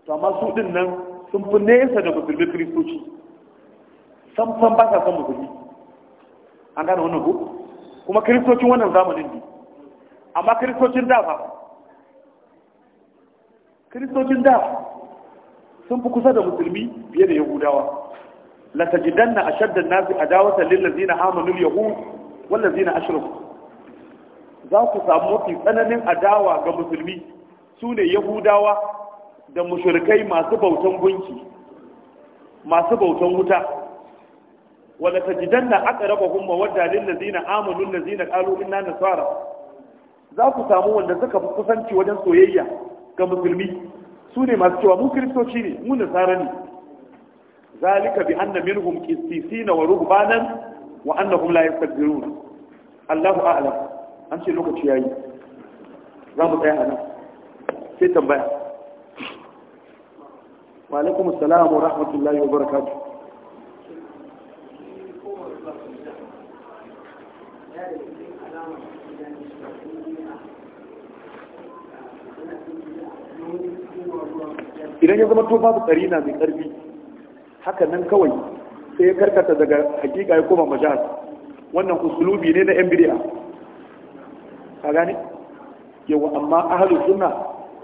to amma su din nan sun fi nesa da musulmi kristoci san ba sa son musulmi an gane wannan ko kuma kiristocin wannan zamanin ne amma kiristocin da kiristocin da sun fi kusa da musulmi fiye da yahudawa la tajidanna ashadda an-nasi adawatan lil ladina amanu al-yahud wal ladina ashraku za ku samu mafi tsananin adawa ga musulmi su ne yahudawa da mushrikai masu bautan gunki masu bautan wuta wala tajidanna aqrabahum mawaddalil ladina amanu ladina qalu inna nasara za ku samu wanda suka fi kusanci wajen soyayya ga musulmi su ne masu cewa mu kiristoci ne mu nasara ne zalika bi anna minhum qissisina wa ruhbanan wa annahum la yastakbirun Allahu a'lam an ce lokaci yayi za mu tsaya nan sai tambaya wa alaikumus salam wa rahmatullahi wa barakatuh idan ya zama to tsari na mai karfi haka nan kawai sai ya karkata daga hakika ya koma majaz wannan kusulubi ne na yan bid'a ka gane yawon amma ahlus suna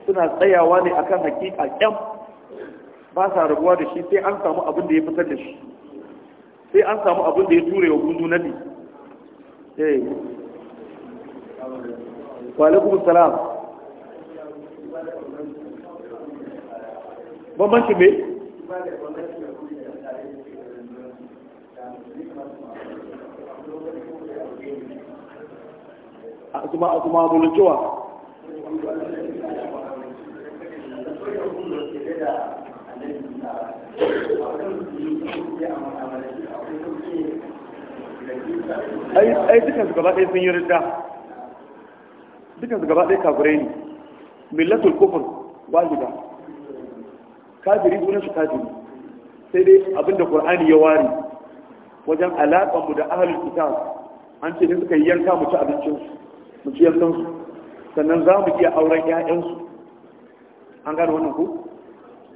suna tsayawa ne akan hakika 'yan ba sa rabuwa da shi sai an samu abin da ya fitar da shi sai an samu abin da ya ture wa gundu eh wa alaikum salam bambanci me ah, kuma kuma buluncewa ai dukan su gaba ɗaya sun yi ridda dukan su gaba ɗaya kafirai ne millatul kufur wahida kafiri sunan shi kafiri sai dai abinda qur'ani ya ware wajen alaƙar mu da ahlul kitab an ce ne suka yi yanka mu ci abincin su mu ci yankan su sannan za mu iya auren ƴaƴan su an gane wannan ku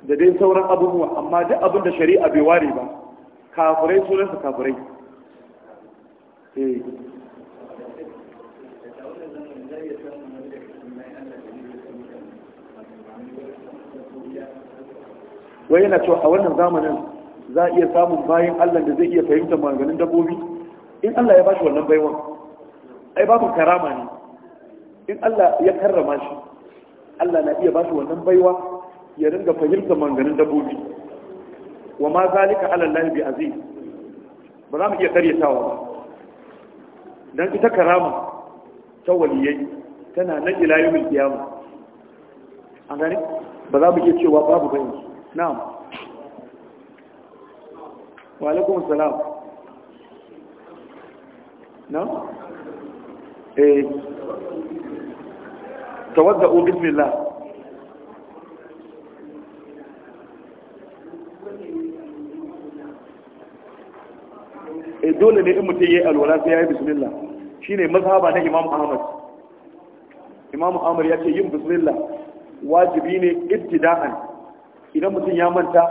da dai sauran abubuwa amma duk abinda shari'a bai ware ba kafirai sunan su kafirai Eh. wai yana cewa a wannan zamanin za a iya samun bayan allah da zai iya fahimtar maganin dabbobi in allah ya ba shi wannan baiwan ai babu karama ne in allah ya karrama shi allah na iya ba shi wannan baiwa ya ringa fahimtar maganin dabbobi wa ma zalika ala lahi bi aziz ba za mu iya karyatawa ba dan ita karama ta waliyai tana nan ilayi yawmin kiyama an gani ba za mu iya cewa babu bane na'am wa alaikum salam Na? eh tawadda'u bismillah Eh, dole ne in mutum ya yi alwala sai ya yi bismillah ne mazhaba na imam ahmad imam ahmad ya ce yin bismillah wajibi ne ibtida'an idan mutum ya manta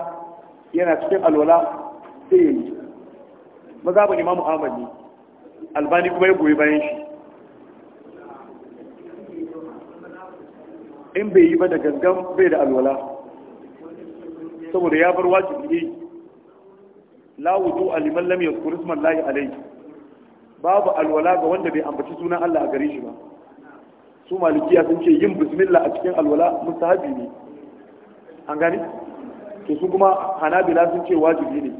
yana cikin alwala sai ya yi mazhaban imam ahmad ne albani kuma ya goyi bayan shi in bai yi ba da gangan bai da alwala saboda ya bar wajibi ne la wudu aliman lam yazkur isman lahi alayhi babu alwala ga wanda bai ambaci sunan Allah a gare shi ba su malikiya sun ce yin bismillah a cikin alwala mustahabi ne an gani to su kuma hanabila sun ce wajibi ne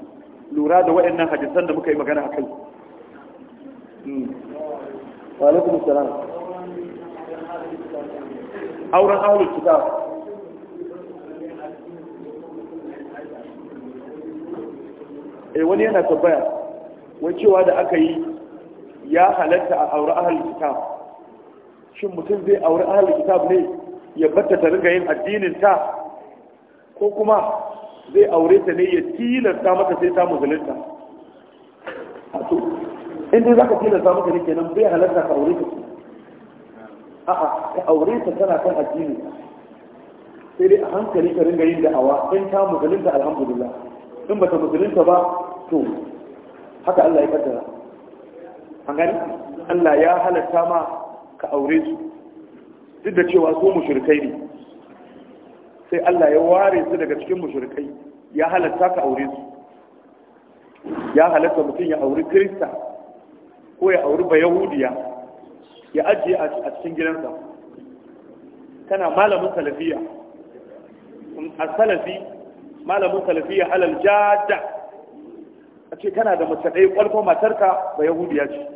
lura da waɗannan hadisan da muka yi magana a kai hmm. wa alaikum salam auren ahlul kitab eh wani yana tabbaya wai cewa da aka yi ya halatta a aure ahal kitab shin mutum zai aure ahal kitab ne ya batta ta riga yin addinin ta ko kuma zai aure ta ne ya tilasta mata sai ta musulunta a to in dai zaka tilasta mata ne kenan bai halatta ka aure ta a'a ka aure ta tana kan addini sai dai a hankali ka ringa yin da'awa in ta musulunta alhamdulillah in ba ta musulunta ba to haka Allah ya kaddara an gani Allah ya halatta ma ka aure su duk da cewa su mushrikai ne sai Allah ya ware su daga cikin mushrikai ya halatta ka aure su ya halatta mutum ya auri kirista ko ya auri ba yahudiya ya ajiye a cikin gidansa Tana malamin salafiya a salafi malamin salafiya alal jada ce kana da mace ɗaya ƙwalko matarka ba yahudiya ce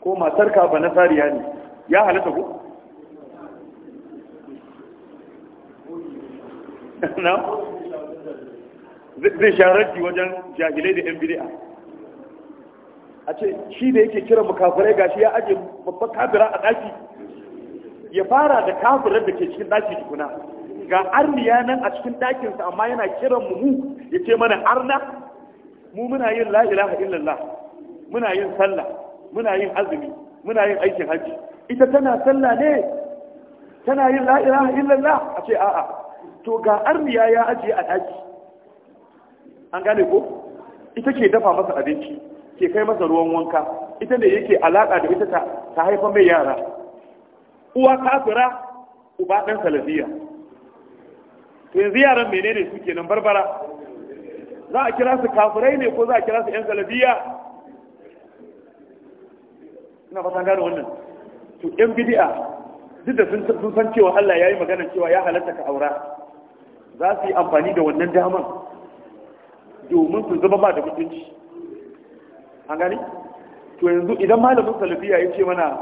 ko matarka ba nasariya ne ya halitta ku na zai sharaddi wajen jahilai da yan bidi'a a ce shi da yake kira mukafirai gashi ya ajiye babban kafira a ɗaki ya fara da kafirar da ke cikin ɗaki tukuna ga arniya nan a cikin ɗakinsa amma yana kiran mu ya ce mana arna mu muna yin la ilaha illallah muna yin sallah muna yin azumi muna yin aikin haji ita tana sallah ne tana yin la ilaha illallah a ce a'a to ga arniya ya ajiye a daki an gane ko ita ke dafa masa abinci ke kai masa ruwan wanka ita ne yake alaka da ita ta haifa mai yara uwa kafira uba dan salafiya to yanzu yaran menene suke nan barbara za a kira su kafirai ne ko za a kira su 'yan salafiya ina fata gane wannan to 'yan bidi'a duk da sun san cewa Allah ya yi magana cewa ya halatta ka aura za su yi amfani da wannan daman domin su zama ba da mutunci an gani to yanzu idan malamin salafiya ya ce mana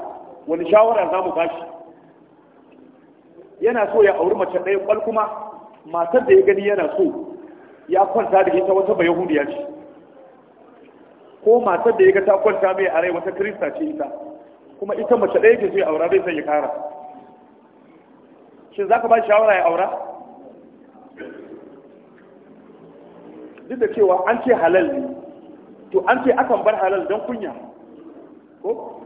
wani shawara za mu bashi yana so ya auri mace ɗaya kwal kuma matar da ya gani yana so ya kwanta da ita wata hudu yahudiya ce ko matar da ya ga ta kwanta mai a rai wata kirista ce ita kuma ita mace ɗaya ke so ya aura zai sai ya kara shin za ka ba shawara ya aura duk da cewa an ce halal ne to an ce akan bar halal don kunya ko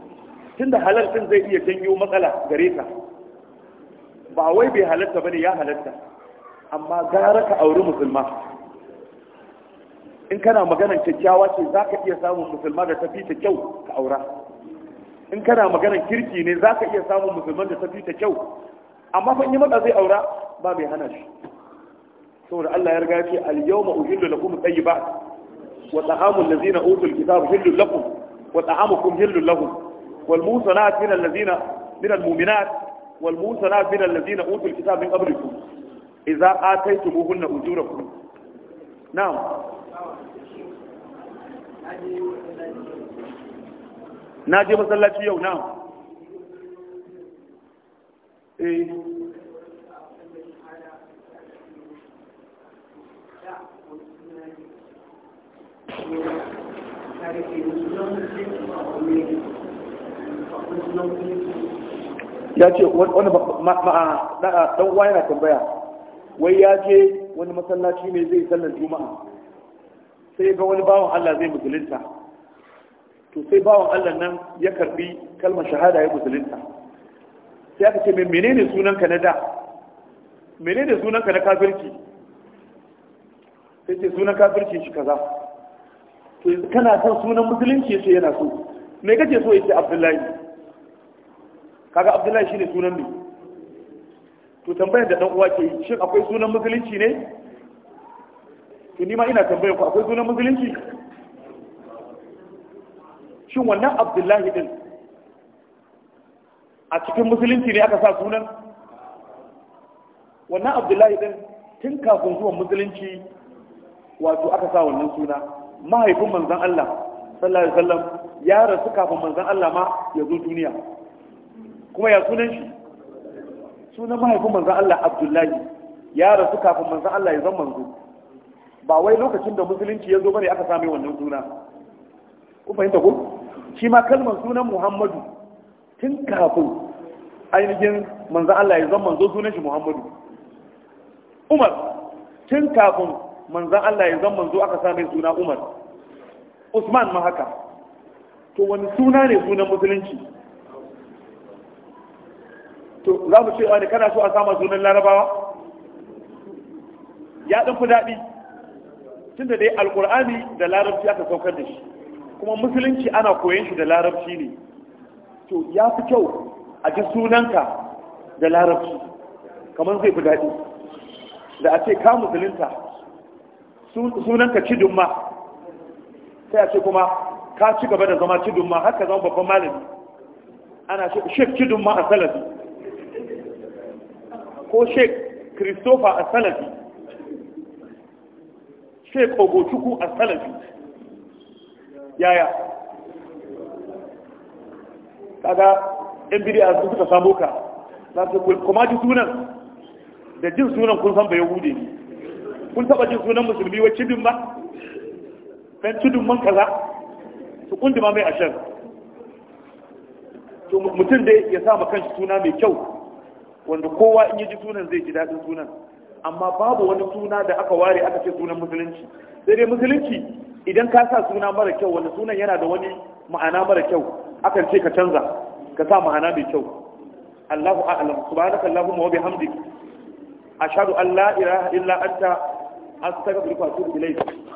tunda halal ɗin zai iya janyo matsala gare ta ba wai bai halatta ne ya halatta amma gara ka auri musulma in kana maganar kyakkyawa ce za ka iya samun musulma da tafi ta kyau ka aura in kana maganar kirki ne za ka iya samun musulman da tafi ta kyau amma fa in yi mada zai aura ba mai hana shi saboda Allah ya riga ya ce al-yawma uhillu lakum tayyibat wa ta'amul ladzina utul kitaba hillu lakum wa ta'amukum hillu lahum wal musanat min alladzina min al-mu'minat wal musanat min alladzina utul kitaba min qablikum idza ataytumuhunna ujurakum Now. na je masallaci yau na'am eh ya ce wani ma'a ɗan uwa yana tambaya wai ya je wani masallaci ne zai sallar juma'a sai ga wani bawan Allah zai musulunta to sai bawan Allah nan ya karbi kalmar shahada ya musulunta sai aka ce menene sunanka na da menene sunanka na kafirci sai ce sunan kafirci shi kaza to kana son sunan musulunci sai yana so me kace so yace Abdullahi kaga Abdullahi shine sunan ne to tambayar da dan uwa ke yi shin akwai sunan musulunci ne to ni ma ina tambayar ku akwai sunan musulunci shin wannan abdullahi din a cikin musulunci ne aka sa sunan wannan abdullahi din tun kafin zuwan musulunci wato aka sa wannan suna mahaifin manzon Allah sallallahu alaihi wasallam ya rasu kafin manzon Allah ma ya zo duniya kuma ya sunan shi sunan mahaifin manzon Allah Abdullahi ya rasu kafin manzon Allah ya zan manzo ba wai lokacin da musulunci ya zo bane aka same wannan suna ku fahimta ko shi ma kalmar sunan Muhammadu tun kafin ainihin manzon Allah ya zan manzo sunan shi Muhammadu Umar tun kafin manzon Allah ya zan manzo aka same suna Umar Usman ma haka to wani suna ne sunan musulunci to za mu ce wani kana so a sama sunan larabawa ya ɗan fi daɗi tunda dai alƙur'ani da larabci aka saukar da shi kuma musulunci ana koyon shi da larabci ne to ya fi kyau a ji sunanka da larabci kamar zai fi daɗi da a ce ka musulunta sunanka cidin ma sai a ce kuma ka ci gaba da zama cidin ma haka zama babban malami ana shek cidin ma a salafi ko sheik christopher a salafi sheik ogochukwu a salafi yaya kaga yan bidiyar sun suka samu ka na su kuma ji sunan da jin sunan kun san bai hude kun taba jin sunan musulmi wacce cibin ba ɗan cibin man kaza su kunduma mai ashen to mutum dai ya sa ma kanshi suna mai kyau wanda kowa in ji sunan zai ji daɗin sunan amma babu wani suna da aka ware aka ce sunan musulunci sai dai musulunci idan ka sa suna mara kyau wanda sunan yana da wani ma'ana mara kyau akan ce ka canza ka sa ma'ana mai kyau Allahu a'lam subhanaka allahumma wa bihamdik ashhadu an la ilaha illa anta astaghfiruka wa atubu ilayk